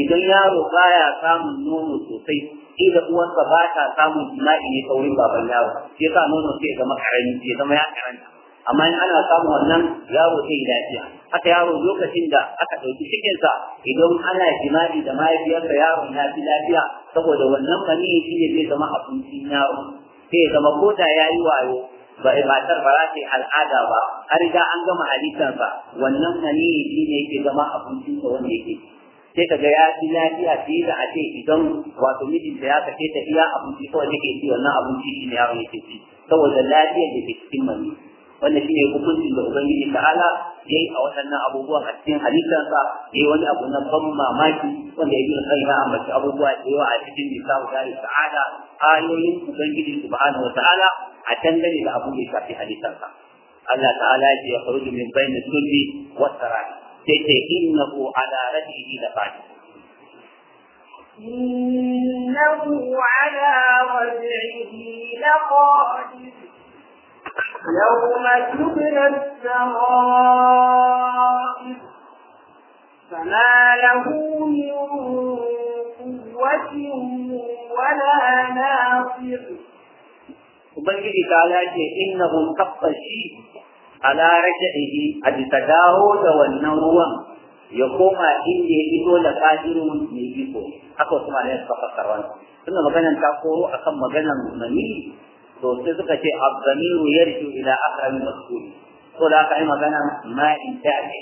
idan yaro baya samun nono sosai ila uwarsa ba ta samun jima'i ne ta wurin baban yaro sai sa nono sai ya zama karami ya zama ya karanta amma in ana samun wannan yaro sai ya lafiya haka yaro lokacin da aka ɗauki cikinsa idan ana jima'i da mahaifiyarsa yaro ya fi lafiya saboda wannan maniyi shi ne zai zama abincin yaro sai ya zama ko da ya yi wayo ba matar ba za ta yi al'ada ba har da an gama halittarsa wannan maniyi shi ne yake zama abincinsa wanda yake sai kaga ya fi lafiya fiye da a ce idan wato mijinta ya sake ta iya abinci kawai yake ci wannan abinci shi ne yawon yake ci saboda lafiyar da ke cikin mani wanda shi ne hukuncin da ubangiji ta'ala ya yi a waɗannan abubuwan a cikin halittarsa ya yi wani abu na ban mamaki wanda ya yi na kai na ambaci abubuwa da yawa a cikin nisabu da sa'ada ayoyin ubangiji subhanahu wa ta'ala a dangane da abin da ya shafi halittarsa Allah ta'ala ya ce ya faru min bayna sulbi wa sarari sai ce innahu ala rajihi la qadir إنه على رجعه لقادر يوم تبلى السرائر فما له من قوة ولا ناصر ubangiji ta lace innahu tabbashi ala shi a bisa dawo da wannan ruwan ya koma inda ya ido da kadirun mai biko haka wasu malamai suka fassara wannan tunda maganan ta koro akan maganan mamili to sai suka ce abdamiru yarju ila akrami mas'ul to da aka yi magana ma in ta'ati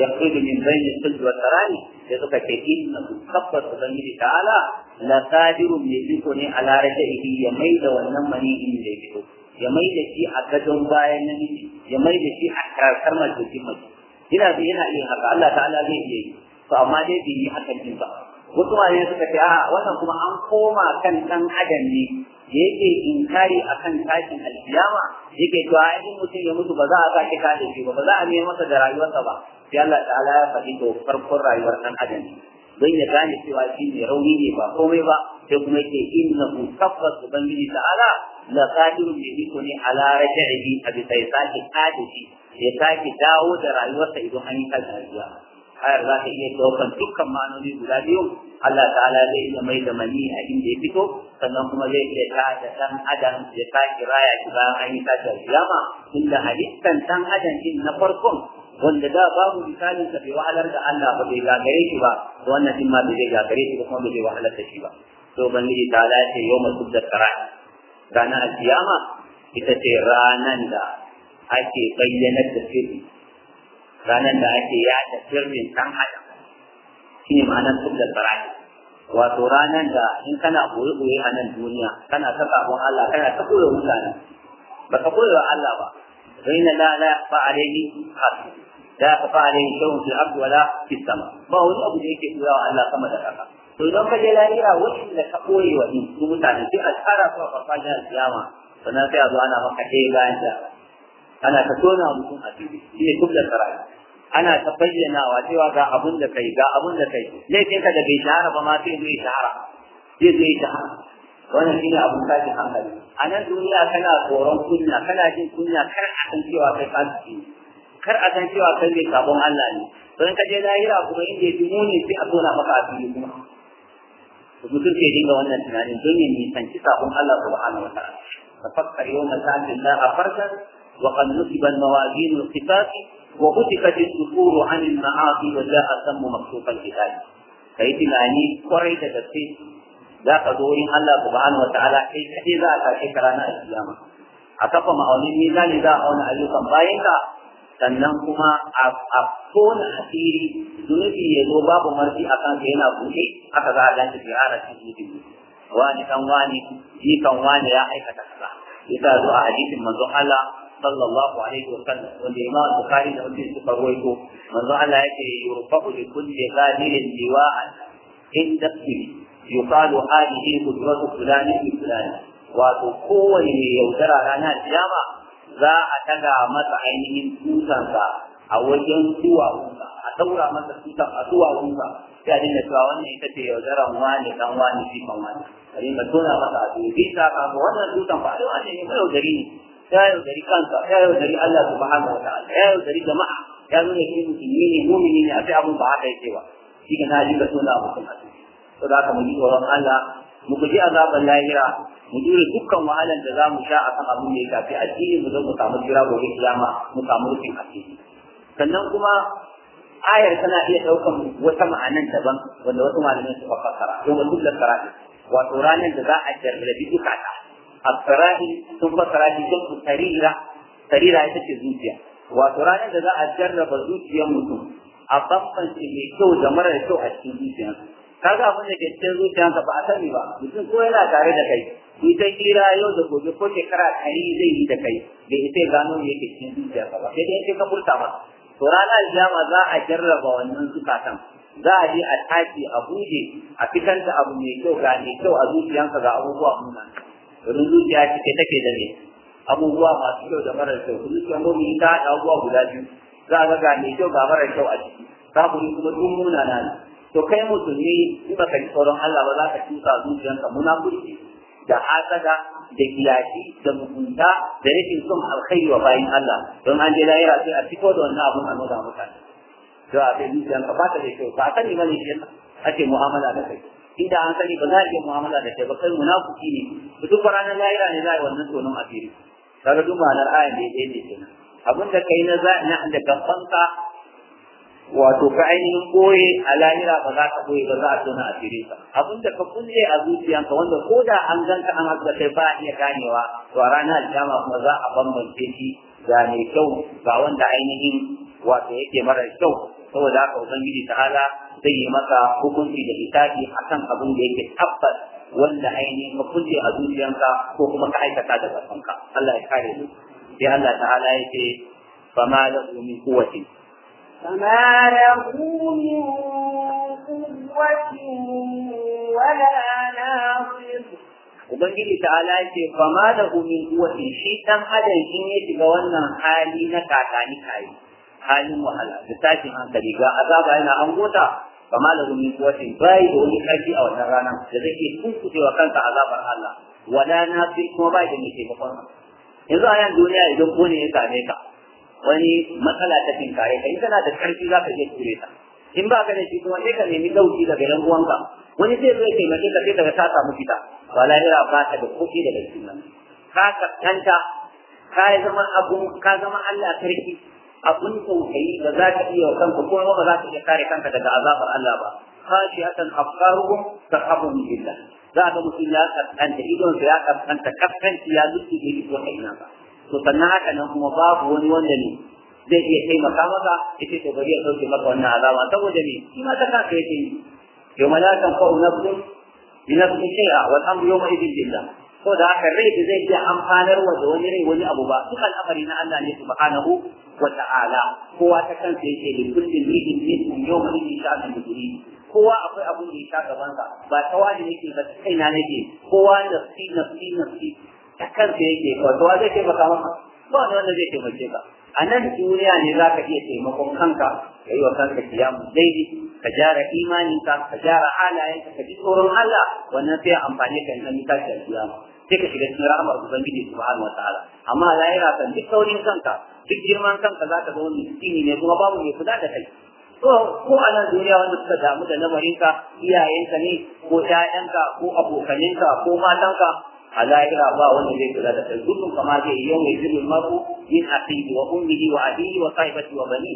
yakhruju min bayni sulbi wa tarani sai suka ce innahu tabbas ubangiji ta'ala la sadirun mai iko ne a larata ihi ya mai da wannan mani'in da ya fito ya mai da shi a gadon bayan namiji ya mai da shi a karkar majalisin mace ina zai yana iya haka Allah ta'ala zai iya yi to amma dai bai yi hakan din ba wasu ma suka ce a wannan kuma an koma kan dan adam ne da yake inkari akan tashin alkiyama yake to a in mutum ya mutu ba za a sake kada shi ba ba za a nemi masa da rayuwarsa ba sai Allah ta'ala ya faɗi to farkon rayuwar dan adam ne don ya gane cewa shi ne rauni ne ba komai ba sai kuma yake innahu tabbas ubangiji ta'ala la qadirun bi iko ne ala raj'ihi a bisa ya sake ya sake dawo da rayuwarsa idan an yi kaza rayuwa ayar za ka iya daukan dukkan manomi guda biyu Allah ta'ala zai iya mai da mani a inda ya fito sannan kuma zai iya ta da ɗan adam ya sake raya shi bayan an yi kaza rayuwa da halittan ɗan adam din na farkon wanda da babu misalin sa bai wahalar da Allah ba bai gagare shi ba wannan din ma bai zai gagare shi ba kuma bai wahalar da shi ba to bangiji ta ala ce yau masu da karai rana alkiyama ita ce ranan da ake bayyanar da sirri ranan da ake yada sirrin dan adam shi ne ma'anar da karai wato ranan da in kana boye-boye a nan duniya kana ta sabon Allah kana ta koyo mutane ba ka koyo Allah ba فإن لا لا يخفى عليه خلق لا يخفى عليه كون في الأرض ولا في السماء فهو هو أبو ذيك يقول الله أن لا سمى ذكرها فإذا أيوة، قد إيه لا يرى وش لتقول وإن سمت عن في أشهر فرصة جهة سيامة فنا في أضوانا وحكي لا أنت أنا تكون أبو أكيد في كل سرعي أنا تبين واتي وقع أبو ذيك ذا أبو ذيك ليس كده بيشهر فما في ذيك شهر ذيك شهر wannan shine abun tashi hankali a nan duniya kana tsoron kunya kana jin kunya kar a san cewa kai fasiki kar a san cewa kai mai sabon Allah ne don ka je lahira kuma inda ya dumo ne sai a tona maka a fili kuma mutum ke dinga wannan tunanin don ya nisanci sabon Allah subhanahu wa ta'ala tafakkar yawma ta'ala Allah farkan وقد نصب الموازين الخفاف وهتكت الذكور عن المعاصي وجاء الذم مكشوف الجهاد فإذا أني قريت تفسير za ka zo wurin Allah subhanahu wataala kai kaɗai za a tashe ka ranar alkiyama a kafa ma'aunin mizani za a auna ayyukan bayanka sannan kuma a tona asiri zunubi ya zo babu marfi a kanka yana buɗe haka za a ganci fi ara cikin wani kan wani ni kan wani ya aikata kaza yasa zo a hadisin manzon Allah sallallahu alaihi wa sallam wanda Imam Bukhari da Muslim suka rawaito manzon Allah yake yurfa'u li kulli ghadirin liwa'an inda ismihi yuqalu hadhihi qudratu fulani min fulani wato kowane mai yaudara ranar kiyama za a taga masa ainihin tutansa a wajen duwawunsa a daura masa tutan a duwawunsa sai a dinga cewa wannan ita ce yaudaran wani dan wani wani a dinga tona masa a tuti bisa kafin wannan tutan ba da wani ne yaudari ne ya yaudari kansa ya yaudari Allah subhanahu wa ta'ala ya yaudari jama'a ya nuna shi ne a sai abun ba tona to za ka mu ji tsoron Allah mu guji azaban lahira mu jure dukkan wahalan da za mu sha a kan abin da ya shafi addini mu zan mu samu jira gobe kiyama mu samu rufin asiri sannan kuma ayar tana iya ɗaukan wata ma'anan daban wanda wasu malamai suka fassara yau mutum da sara'i wato ranar da za a jarrabi dukata السرائي ثم سرائي جمع سريرة سريرة ita ce zuciya wato ranar da za a jarraba zuciyar mutum a bambance mai kyau da marar kyau a cikin zuciyarsa kaga abin da gaske cikin zuciyanka ba a sani ba mutum ko yana tare da kai ta kira yau da gobe ko shekara ɗari zai yi da kai da ita gano me yake cikin zuciya ba sai dai ka furta ba to rana jama za a jarraba wannan zukatan za a je a tashi a buje a fitanta abu mai kyau ga mai kyau a zuciyanka ga abubuwa munan domin zuciya cike take da ni? abubuwa masu kyau da marar kyau zuciyar mummi ta haɗa abubuwa guda biyu za a ga ga mai kyau ga marar kyau a ciki kafin kuma duk munana ne to kai musulmi in baka ji tsoron Allah ba za ka cusa zuciyarka munafurci da hasada da gilashi da mugunta da rashin son alkhairi wa bayin Allah don an je lahira sai a fito da wannan abun a nuna mutane to a kai zuciyarka ba ta da kyau ba sani ba bane shi ake mu'amala da kai inda an sani ba za a iya mu'amala da kai ba kai munafuki ne duk ranar lahira ne za a yi wannan a asiri kaga duk ma'anar ayan da ya ce kenan abin da kai na na da gabanka wato ka ainihin ɓoye a lahira ba za ka ɓoye ba za a tona a fere ka abin da ka kulle a zuciyanka wanda ko da an ganka an haɗu da kai ba a iya ganewa to a ranar alkama kuma za a bambance shi ga mai kyau ga wanda ainihin wato yake mara kyau saboda haka ubangiji ta'ala zai yi maka hukunci da hisabi akan abin da yake tabbas wanda ainihin ka kulle a zuciyanka ko kuma ka aikata da zafanka Allah ya kare mu sai Allah ta'ala yake fama lahu min quwwatin فما له من قوة ولا ناصر Ubangiji ta'ala ce fa ma da min quwwati shi dan adam in ya shiga wannan hali na kakani kai halin wahala da tashin hankali ga azaba yana angota fa ma da min quwwati bai da wani karfi a wannan ranar da zake tunkuce wa kansa azabar Allah wala fi kuma bai da mai taimakon yanzu a yan duniya idan ko ne ya same ka wani matsala ta tinkare ka in kana da karfi za ka je ture ta in ba ka da shi kuma sai ka nemi dauki daga yan uwanka wani zai zo ya taimake ka sai daga ta samu fita ba lahira ba ta da kuɗi daga cikin nan ka kaskanta ka zama abun ka zama Allah sarki abun tausayi da za ka iya wa kanka kuma ba za ka iya kare kanka daga azabar Allah ba Kashi khashiyatan afkaruhum tahabun billah za ka mutum ya kaskanta idon ya kaskanta kaskanci ya lutsi da ido kaina ba to sannan haka nan kuma babu wani wanda ne zai iya taimaka maka yace to bari ya sauke maka wannan azaba saboda me shi ma ta kaka yake yi yawma la tanfa'u nafsun bi nafsin shay'a wal amru yawma idin billah saboda haka rai da zai iya amfanar wa da wani rai wani abu ba duk al'amari na Allah ne subhanahu wa ta'ala kowa ta kansa yake da kullum ridin minhum yawma idin sha'an mujrim kowa akwai abun da ya sha gabansa ba ta wani nake ba kaina nake kowa nafsi nafsi nafsi kan kansa yake wato zai taimaka maka ba wani wanda zai taimake ka a nan duniya ne za ka iya taimakon kanka ka yi wa kanka kiyamun daidai ka gyara imaninka ka gyara halayenka ka ji tsoron Allah wannan sai amfani ka na mitashi a kiyama sai ka shiga cikin rahmar ubangiji subhanahu wataala amma lahira kan duk saurin kanka duk girman kanka za ka ga wani miskini ne kuma babu mai kula da kai ko a nan duniya wanda suka damu da lamarinka iyayenka ne ko ya'yanka ko abokaninka ko matanka a lahira ba wanda zai kula da kai dukkan kama zai yi yau mai zirin maru min aqihi wa ummihi wa abihi wa sahibati wa bani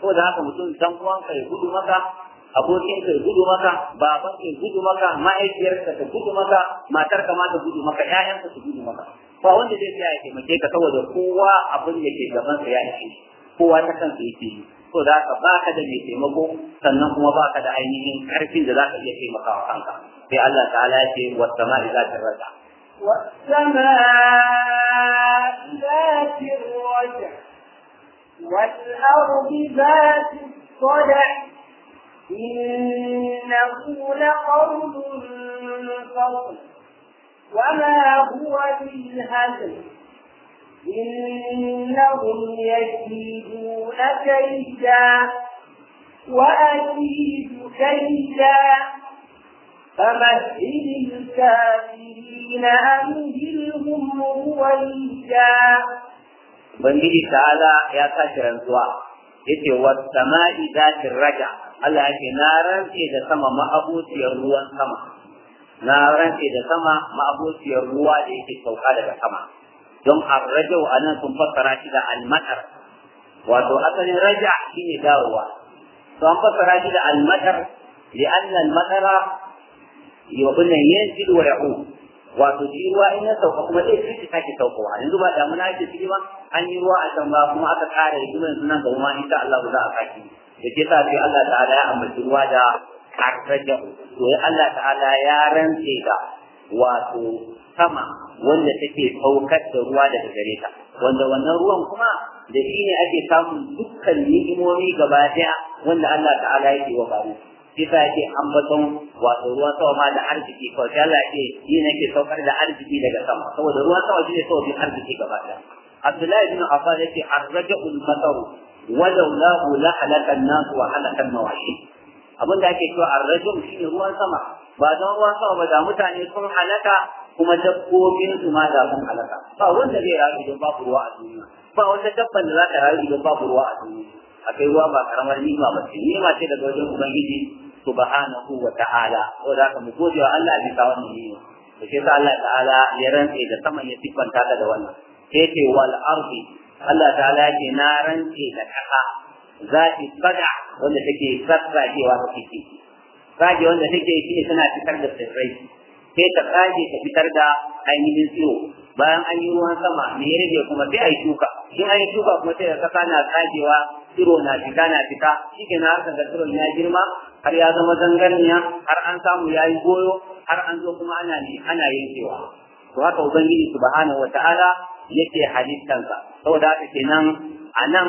ko da haka mutum dan uwan kai gudu maka abokin kai gudu maka baban kai gudu maka ma'aikiyarka ta gudu maka matar ka ma ta gudu maka ƴaƴanka su gudu maka ba wanda zai tsaya ya taimake ka saboda kowa abin da ke gaban sa ya ishe kowa ta kansa yake yi ko da ka baka da mai taimako sannan kuma baka da ainihin karfin da zaka iya taimakawa kanka sai Allah ta'ala ya ce wa sama'i za ta والسماء ذات الرجع والأرض ذات الصدع إنه لقول فصل وما هو بالهزل إنهم يكيدون كيدا وأكيد كيدا فمهل الكافرين أمهلهم رويدا Ubangiji ta'ala ya sake rantsuwa yace was sama'i zatir raja Allah ya ce na rantse da sama ma'abuciyar ruwan sama na rantse da sama ma'abuciyar ruwa da yake sauka daga sama don a arrajau nan sun fassara shi da almatar wato asalin raja shine dawowa to an fassara shi da almatar li anna almatara wannan yin jidu wa wato shi ruwa in ya sauka kuma sai shi sake saukowa yanzu ba damuna ake ciki ba an yi ruwa a can ba kuma aka ƙara rigimar sunan ga kuma insha Allah za a sake da ke sa sai Allah ta'ala ya ambaci ruwa da karfaja to Allah ta'ala ya rantse da wato sama wanda take saukar da ruwa daga gare ta wanda wannan ruwan kuma da shi ne ake samun dukkan ni'imomi gaba ɗaya, wanda Allah ta'ala yake wa bayansa bisa yake ambaton wato ruwan sama ma da arziki ko sai Allah yake yi nake saukar da arziki daga sama saboda ruwan sama shine sauƙin arziki gaba ɗaya Abdullahi ibn Affan yake arraja'ul mataru walau lahu la halaka an-nas wa halaka an-mawashi abinda ake cewa shi ne ruwan sama ba don ruwan sama ba da mutane sun halaka kuma dabbobin su ma da sun halaka ba wanda zai rayu idan babu ruwa a duniya ba wanda dabban da za ta rayu idan babu ruwa a duniya akai ruwa ba karamar nima ba ce nima ce daga wajen ubangiji subhanahu wa ta'ala ko da ka mu gode wa Allah bisa wannan ne to sai sa Allah ta'ala ya rantse da sama ya sifanta ka da wannan Ke ce wal ardi Allah ta'ala ya ce na rantse da kasa zati sada wanda take sassagewa ta ciki sage wanda take shi tana fitar da tsirrai Ke ta sage ta fitar da ainihin tsiro bayan an yi ruwan sama me ya rage kuma sai a yi shuka in an yi shuka kuma sai kasa na tsagewa tsiro na fita na fita shi ke na harkar da tsiron ya girma har ya zama zangarniya har an samu yayi goyo har an zo kuma ana ne ana yankewa to haka ubangiji subhanahu wata'ala yake halittansa saboda haka kenan a nan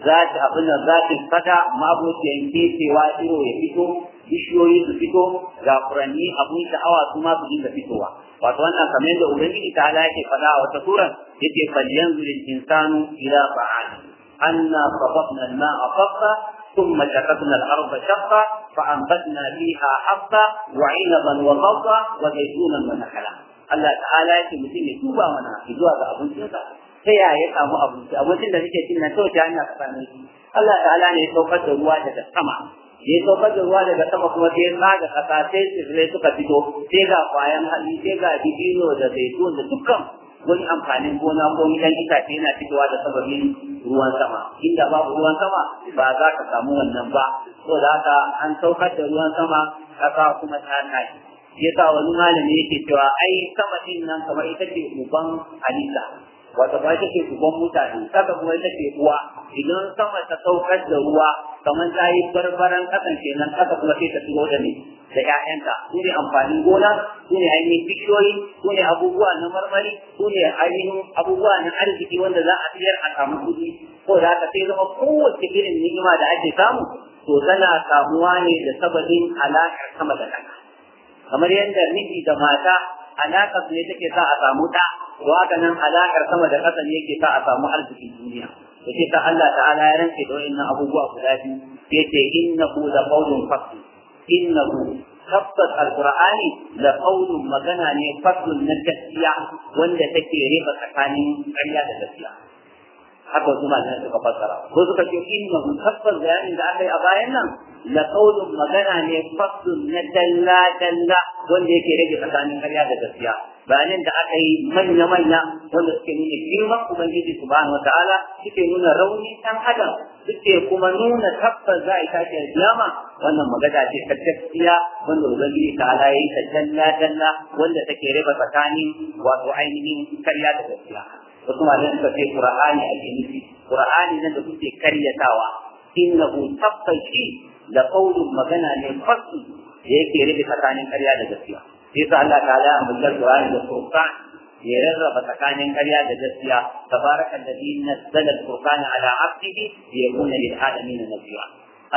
zati abin da zati fada mabociyan kecewa iro ya fito bishiyoyi su fito ga furanni abun sha'awa su ma su dinga fitowa wato wannan kamar yadda ubangiji ta ala yake fada a wata suran yake falyanzu lil insanu ila ba'ali anna sababna al-ma'a sabba ثم شققنا الأرض شقا فأنبتنا فيها حبا وعنبا وقضا وزيتونا ونخلا Allah ta'ala ya ce mutum ya duba mana zuwa ga abincinsa ta yaya ya samu abinci abincin da suke cin nan kawai ta hanya ka same Allah ta'ala ne ya saukar da ruwa daga sama ya saukar da ruwa daga sama kuma sai da kasa sai tsirrai suka fito sai ga kwayan hali sai ga da zaitun da dukkan wani amfanin gona ko gidan itace yana fitowa da sababin ruwan sama inda babu ruwan sama ba za ka samu wannan ba ko da haka an saukar da ruwan sama kasa kuma ta ya sa wani malami yake cewa ai sama din nan kamar ita ce uban halitta wata ba take uban mutane saka kuma ita ce uwa idan sama ta saukar da ruwa kamar ta yi barbaran kasance nan, kasa kuma sai ta shigo da ne da ‘ya'yanta su ne gona su ne ainihin bishiyoyi su ne abubuwa na marmari su ne ainihin abubuwa na arziki wanda za a siyar a samu kuɗi ko da haka sai zama kowace irin ni'ima da ake samu to tana samuwa ne da sababin alaƙa sama da ƙasa kamar yadda miji da mata alaƙar ne take sa a samu ɗa to haka nan alaƙar sama da ƙasa ne yake sa a samu arzikin duniya yake sa Allah ta'ala ya rantse da wa'annan abubuwa guda biyu yake innahu la qawlun fasl innahu tabbas alqur'ani da qawlun magana ne faslun na gaskiya wanda take riba tsakanin ƙarya da gaskiya haka wasu malamai suka fassara ko suka ce innahu tabbas bayanin da aka yi a bayan nan la magana ne fasin na dalla dalla wanda yake rage tsakanin karya da gaskiya Bayanin da aka yi manya manya wanda suke nuna girman ubangiji subhanahu wataala suke nuna rauni ɗan adam suke kuma nuna tabbas za a yi tashi alkiyama wannan magana ce ta gaskiya wanda ubangiji ta ala yi ta dalla dalla wanda take raba tsakanin wato ainihin karya da gaskiya wasu malamai suka ce qur'ani a nufi qur'ani nan da kuke karyatawa innahu tabbas shi da kaulin magana ne fasli da yake rufe tsakanin ƙarya da gaskiya sai sa Allah ta'ala a mulkar Qur'ani da Qur'an ya rarraba tsakanin ƙarya da gaskiya tabarakal ladhi nazzala al-Qur'ana ala 'abdihi liyakuna lil alamin nadhira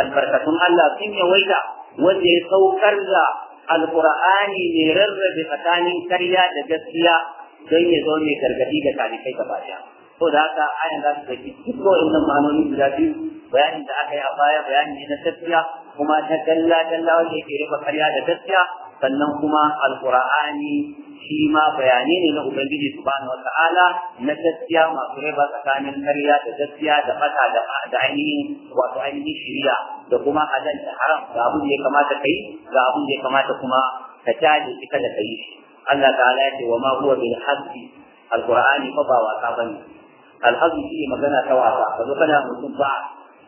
albarkatun Allah sun yawaita wanda ya saukar da alqur'ani ne rarrabe tsakanin ƙarya da gaskiya don ya zo mai gargadi ga talibai gaba daya ko da haka ayan za su ɗauki duk wa'annan ma'anoni guda biyu bayanin da aka yi a baya bayani ne na gaskiya kuma ta dalla dalla wanda yake rufe karya da gaskiya sannan kuma alqur'ani shi ma bayanai ne na ubangiji subhanahu wata'ala na gaskiya masu riba tsakanin karya da gaskiya da fata da ainihin wato ainihin shiriya da kuma halal da haram ga abin da ya kamata kai ga abin da ya kamata kuma ka taje shi kada ka yi shi Allah ta'ala ya ce wa ma huwa bil hasbi alqur'ani fa ba wasa bane alhazi shi ne magana ta wasa ka zo kana mutum ba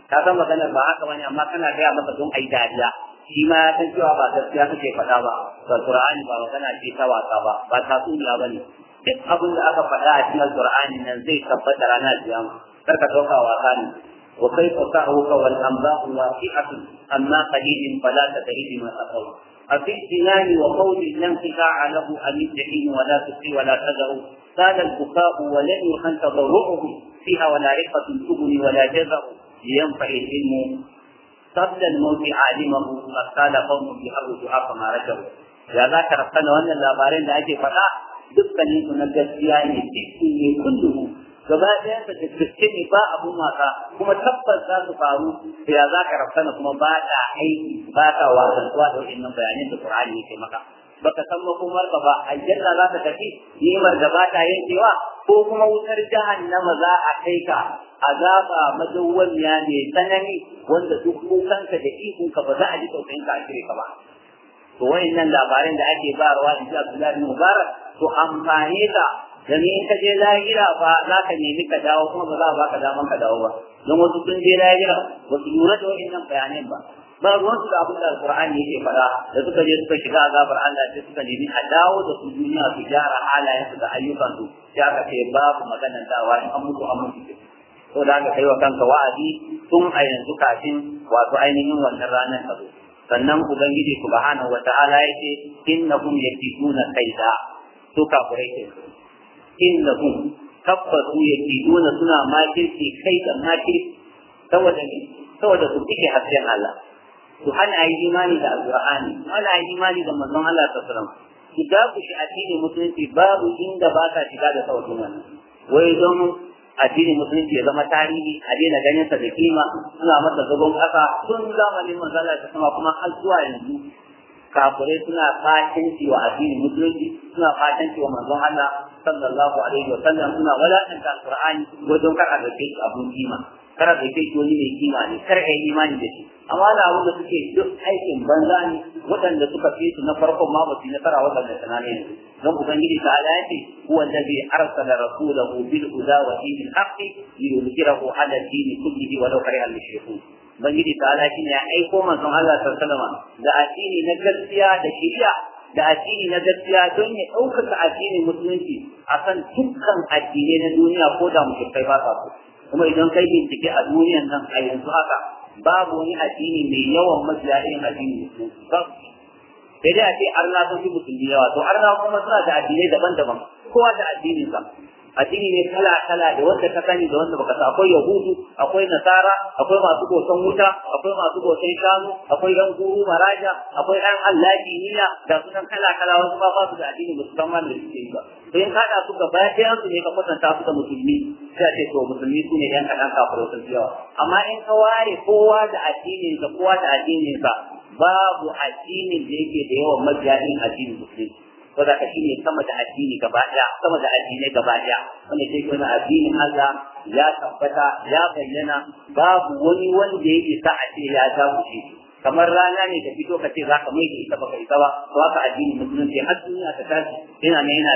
ka san magana ba haka wani amma kana gaya masa don ai dariya shi ma ya san cewa ba gaskiya kake faɗa ba ba qur'ani ba magana ce ta wasa ba ba ta sunna bane duk abin da aka faɗa a cikin qur'ani nan zai tabbata ranar kiyama kar ka dauka wasa ne وكيف سعوك والأمراء واقعة أما قليل فلا تدري بما أقول أفي الزمان وقول لا انتفاع له أم الجحيم ولا تبقي ولا تذر سال البكاء ولن يخن تضرعه فيها ولا رقة تبن ولا جزر لينفع العلم قبل الموت عالمه قد قال قوم بحر دعاء فما رجعوا يا ذاك ربنا وانا لا بارين لاجي فتاه دكا نيكو نجد كله gaba ɗaya da gaske ne ba abun wasa kuma tabbas za su faru ya za ka rafsana kuma ba ta aiki ba ta wasantuwa da wa'annan bayanin da Qur'ani yake maka baka san makomar ba ba aljanna za ta tafi nimar da ba ta yankewa ko kuma wutar jahannama za a kai ka azaba madawwamiya mai tsanani wanda duk kukanka da ihunka ba za a ji ka a cire ka ba to wayannan labarin da ake bayarwa in ji Abdullahi Mubarak to amfani ka domin in ka je gida fa za ka nemi ka dawo kuma ba za a baka daman ka dawo ba don wasu sun je lahira ba su lura da wa'innan bayanan ba ba ruwan su da abin da alqur'ani yake faɗa da suka je suka shiga azabar Allah sai suka nemi a dawo da su duniya su gyara halayen su da ayyukan su ya aka ce babu maganar dawa in an mutu an mutu to da aka kai wa kanka wa'azi tun a yanzu kafin wato ainihin wannan ranar ka zo sannan ubangiji subhanahu wata'ala yake innakum yakiduna kaida to kafirai ke innahum tabbas su yake dole suna makirci kai da makirci saboda ne saboda su kike hasken Allah su hana yi imani da alqur'ani hana yi imani da manzon Allah sallallahu alaihi wasallam idan ku shi addinin musulunci babu inda ba ka shiga da sauƙin wannan wai don addinin musulunci ya zama tarihi a daina ganin sa da kima suna masa zagon ƙasa tun zamanin manzon Allah sallallahu alaihi wasallam kuma har zuwa yanzu kafirai suna fatanci wa addinin musulunci suna fatanci wa manzon Allah sallallahu alaihi wa sallam suna walakanta alqur'ani wajen kar a dauke shi abun kima kar a dauke shi wani mai kima ne kar a yi imani da shi amma da abin da suke duk aikin banza ne waɗanda suka fi su na farkon ma ba su nasara waɗanda sanane ne don ubangiji ta ala yace huwa allazi arsala rasulahu bil huda wa dinil haqqi liyudhhirahu ala dini kullihi wa law kariha al mushrikun ubangiji ta ala ne ya aiko manzon Allah sallallahu alaihi wa sallama da addini na gaskiya da shari'a da addini na gaskiya don ya ɗaukaka addinin musulunci a kan dukkan addinai na duniya ko da kai ba su kuma idan kai bincike a duniyan nan a yanzu haka babu wani addini mai yawan mabiya irin addinin musulunci ba sai dai a ce arna sun fi musulmi yawa to arna kuma suna da addinai daban-daban kowa da addininsa addini ne kala kala da wanda ka sani da wanda baka sa akwai yahudu akwai nasara akwai masu goson wuta akwai masu goson shanu akwai yan guru maraja akwai yan allaji nila da su nan kala kala wasu ba su da addini musamman wanda suke yi ba to in kada su gaba ɗayan su ne ka kwatanta su da musulmi sai ce to musulmi su ne yan kaɗan kafirai sun yawa amma in ka ware kowa da addinin kowa da addinin babu addinin da yake da yawan mabiya din addinin musulmi wanda ka shine sama da addini gaba daya sama da addinai gaba daya wanda sai kuma addinin Allah ya tabbata ya bayyana babu wani wanda ya isa a ce ya dakuce kamar rana ne da fito ka ce za ka mai da ita baka isa ba to haka addinin musulunci har duniya ta tashi yana ne yana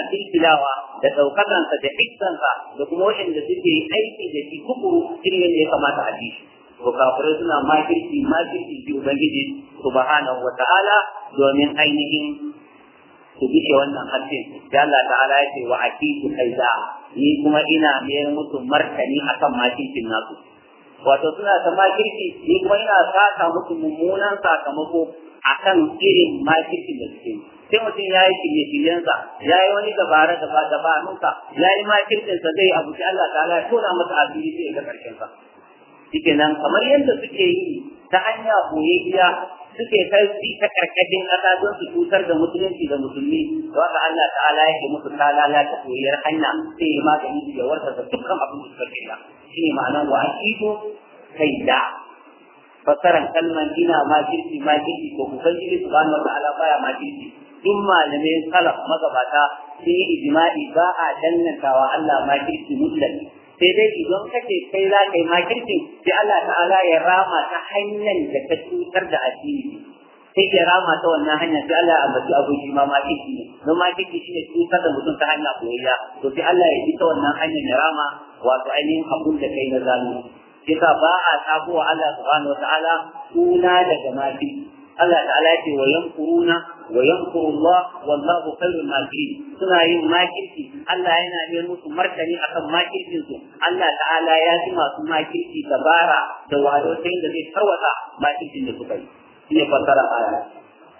da daukakansa da iksansa da kuma waɗanda suke aiki da shi kukuru irin yadda ya kamata a bi to kafirai suna makirki makirci ji ubangiji subhanahu wa ta'ala domin ainihin su wannan harshen da Allah ta'ala ya ce wa akidu kaida ni kuma ina mayar musu martani akan makirkin nasu wato suna ta makirki ni kuma ina saka musu mummunan sakamako akan irin makirkin da suke sai mutum ya yi shirye-shiryensa ya yi wani dabara ba nuka. ya yi makirkinsa zai abu, abuci Allah ta'ala ya tona masa asiri sai ga karshensa shikenan kamar yadda suke yi ta hanya koyayya suke sarki ta karkashin ƙasa don su cutar da musulunci da musulmi da haka Allah ta'ala yake musu talala ta koyar hanya sai ya magani da warta da dukkan abin da suka kira shi ne ma'anar wa aqidu kaida fasaran kalman ina ma kirki ma kirki ko ubangiji subhanahu wa ta'ala baya ma kirki duk malamai salaf magabata sun yi ijma'i ba a dannatawa Allah ma kirki mutlaki sai dai idan kake kai za ka yi makirki? sai Allah ta'ala ya rama ta hanyar da ta cutar da addini sai ya rama ta wannan hanyar sai Allah ya ambaci abu ma makirci ne don makirki shi ne cutar da mutum ta hanya koyayya to sai Allah ya yi ta wannan hanyar ya rama wato ainihin abun da kai na zalunci kisa ba a sabuwa Allah subhanahu wa ta'ala suna daga makirci Allah ta'ala ce wa yankuruna wa yankuru wallahu khairul makirin suna yin makirci Allah yana yin musu martani akan makircin su Allah ta'ala ya ji masu makirci dabara da wado sai da zai tarwata makircin da suka yi ne fassara aya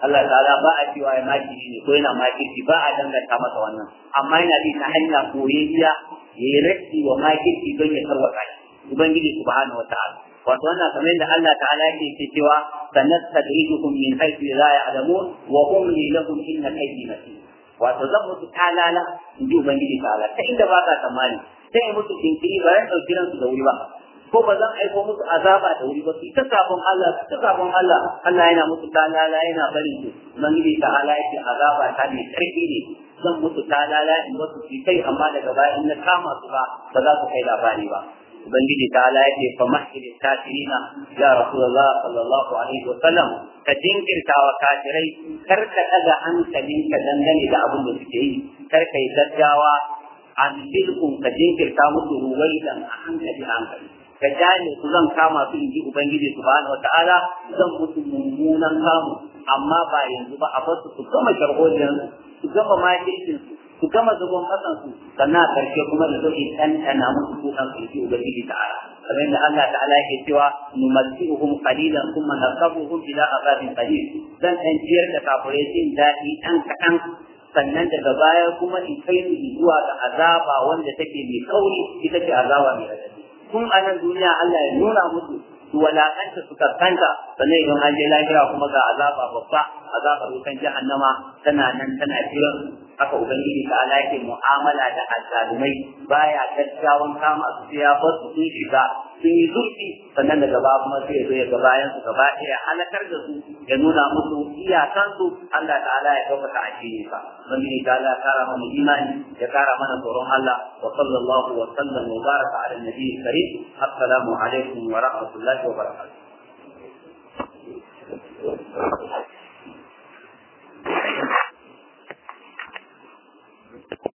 Allah ta'ala ba a cewa ya makirci ne ko yana makirci ba a danganta masa wannan amma yana bi ta hanya koyayya ya yi wa makirci don ya tarwata shi Ubangiji subhanahu wa ta'ala wato wannan kamar da Allah ta'ala yake cewa sanastadrijukum min haythu la ya'lamun wa umli lahum inna kaydi matin wato zan musu talala in ji ubangiji ta'ala ta inda ba ka tsammani sai in mutu jinkiri ba ran ɗauki ransu da wuri ba ko ba zan aiko musu azaba da wuri ba su ta sabon Allah ta sabon Allah Allah yana musu talala yana barin su ubangiji ta'ala yake azaba ta mai ƙarfi ne zan musu talala in wasu su kai amma daga baya in na kama su ba ba za su kai labari ba ubangiji ta ala yake fa mahil kafirina ya rasulullah sallallahu alaihi wa sallam ka jinkirta wa kafirai kar ka daga hankalinka dangane da abin da suke yi kar ka yi gaggawa an bilkun ka jinkirta musu ruwaidan a hankali hankali ka jane su zan kama su in ji ubangiji subhanahu wataala zan musu mummunan kamu amma ba yanzu ba a basu su gama sharholin su gama makircin su gama zagon kasan su sannan a karshe kuma da zai tantana musu kukan su ji ubangiji ta'ala kamar yadda Allah ta'ala yake cewa kuma na thumma naqabuhum ila azabin qalil zan ɗan jiyar da kafirai jin daɗi ɗan kaɗan sannan daga baya kuma in kai su zuwa ga azaba wanda take mai kauri ita ce azaba mai radadi tun a nan duniya Allah ya nuna musu su walakanta su kaskanta sannan idan an je lahira kuma ga azaba babba azabar wutan jahannama tana nan tana jiran haka ubangiji ta ala yake mu'amala da azzalumai baya gaggawan kama su sai ya bar su sun shiga sun yi zurfi sannan daga babu kuma sai ya zo ya ga bayan su gaba ɗaya halakar da su ya nuna musu iyakan su Allah ta ala ya ɗaukaka a cikin ka ubangiji ta ala kara mana imani ya kara mana tsoron Allah wa sallallahu wa sallam wa baraka ala nabiyyi karim assalamu alaikum wa rahmatullahi wa barakatuh Thank you.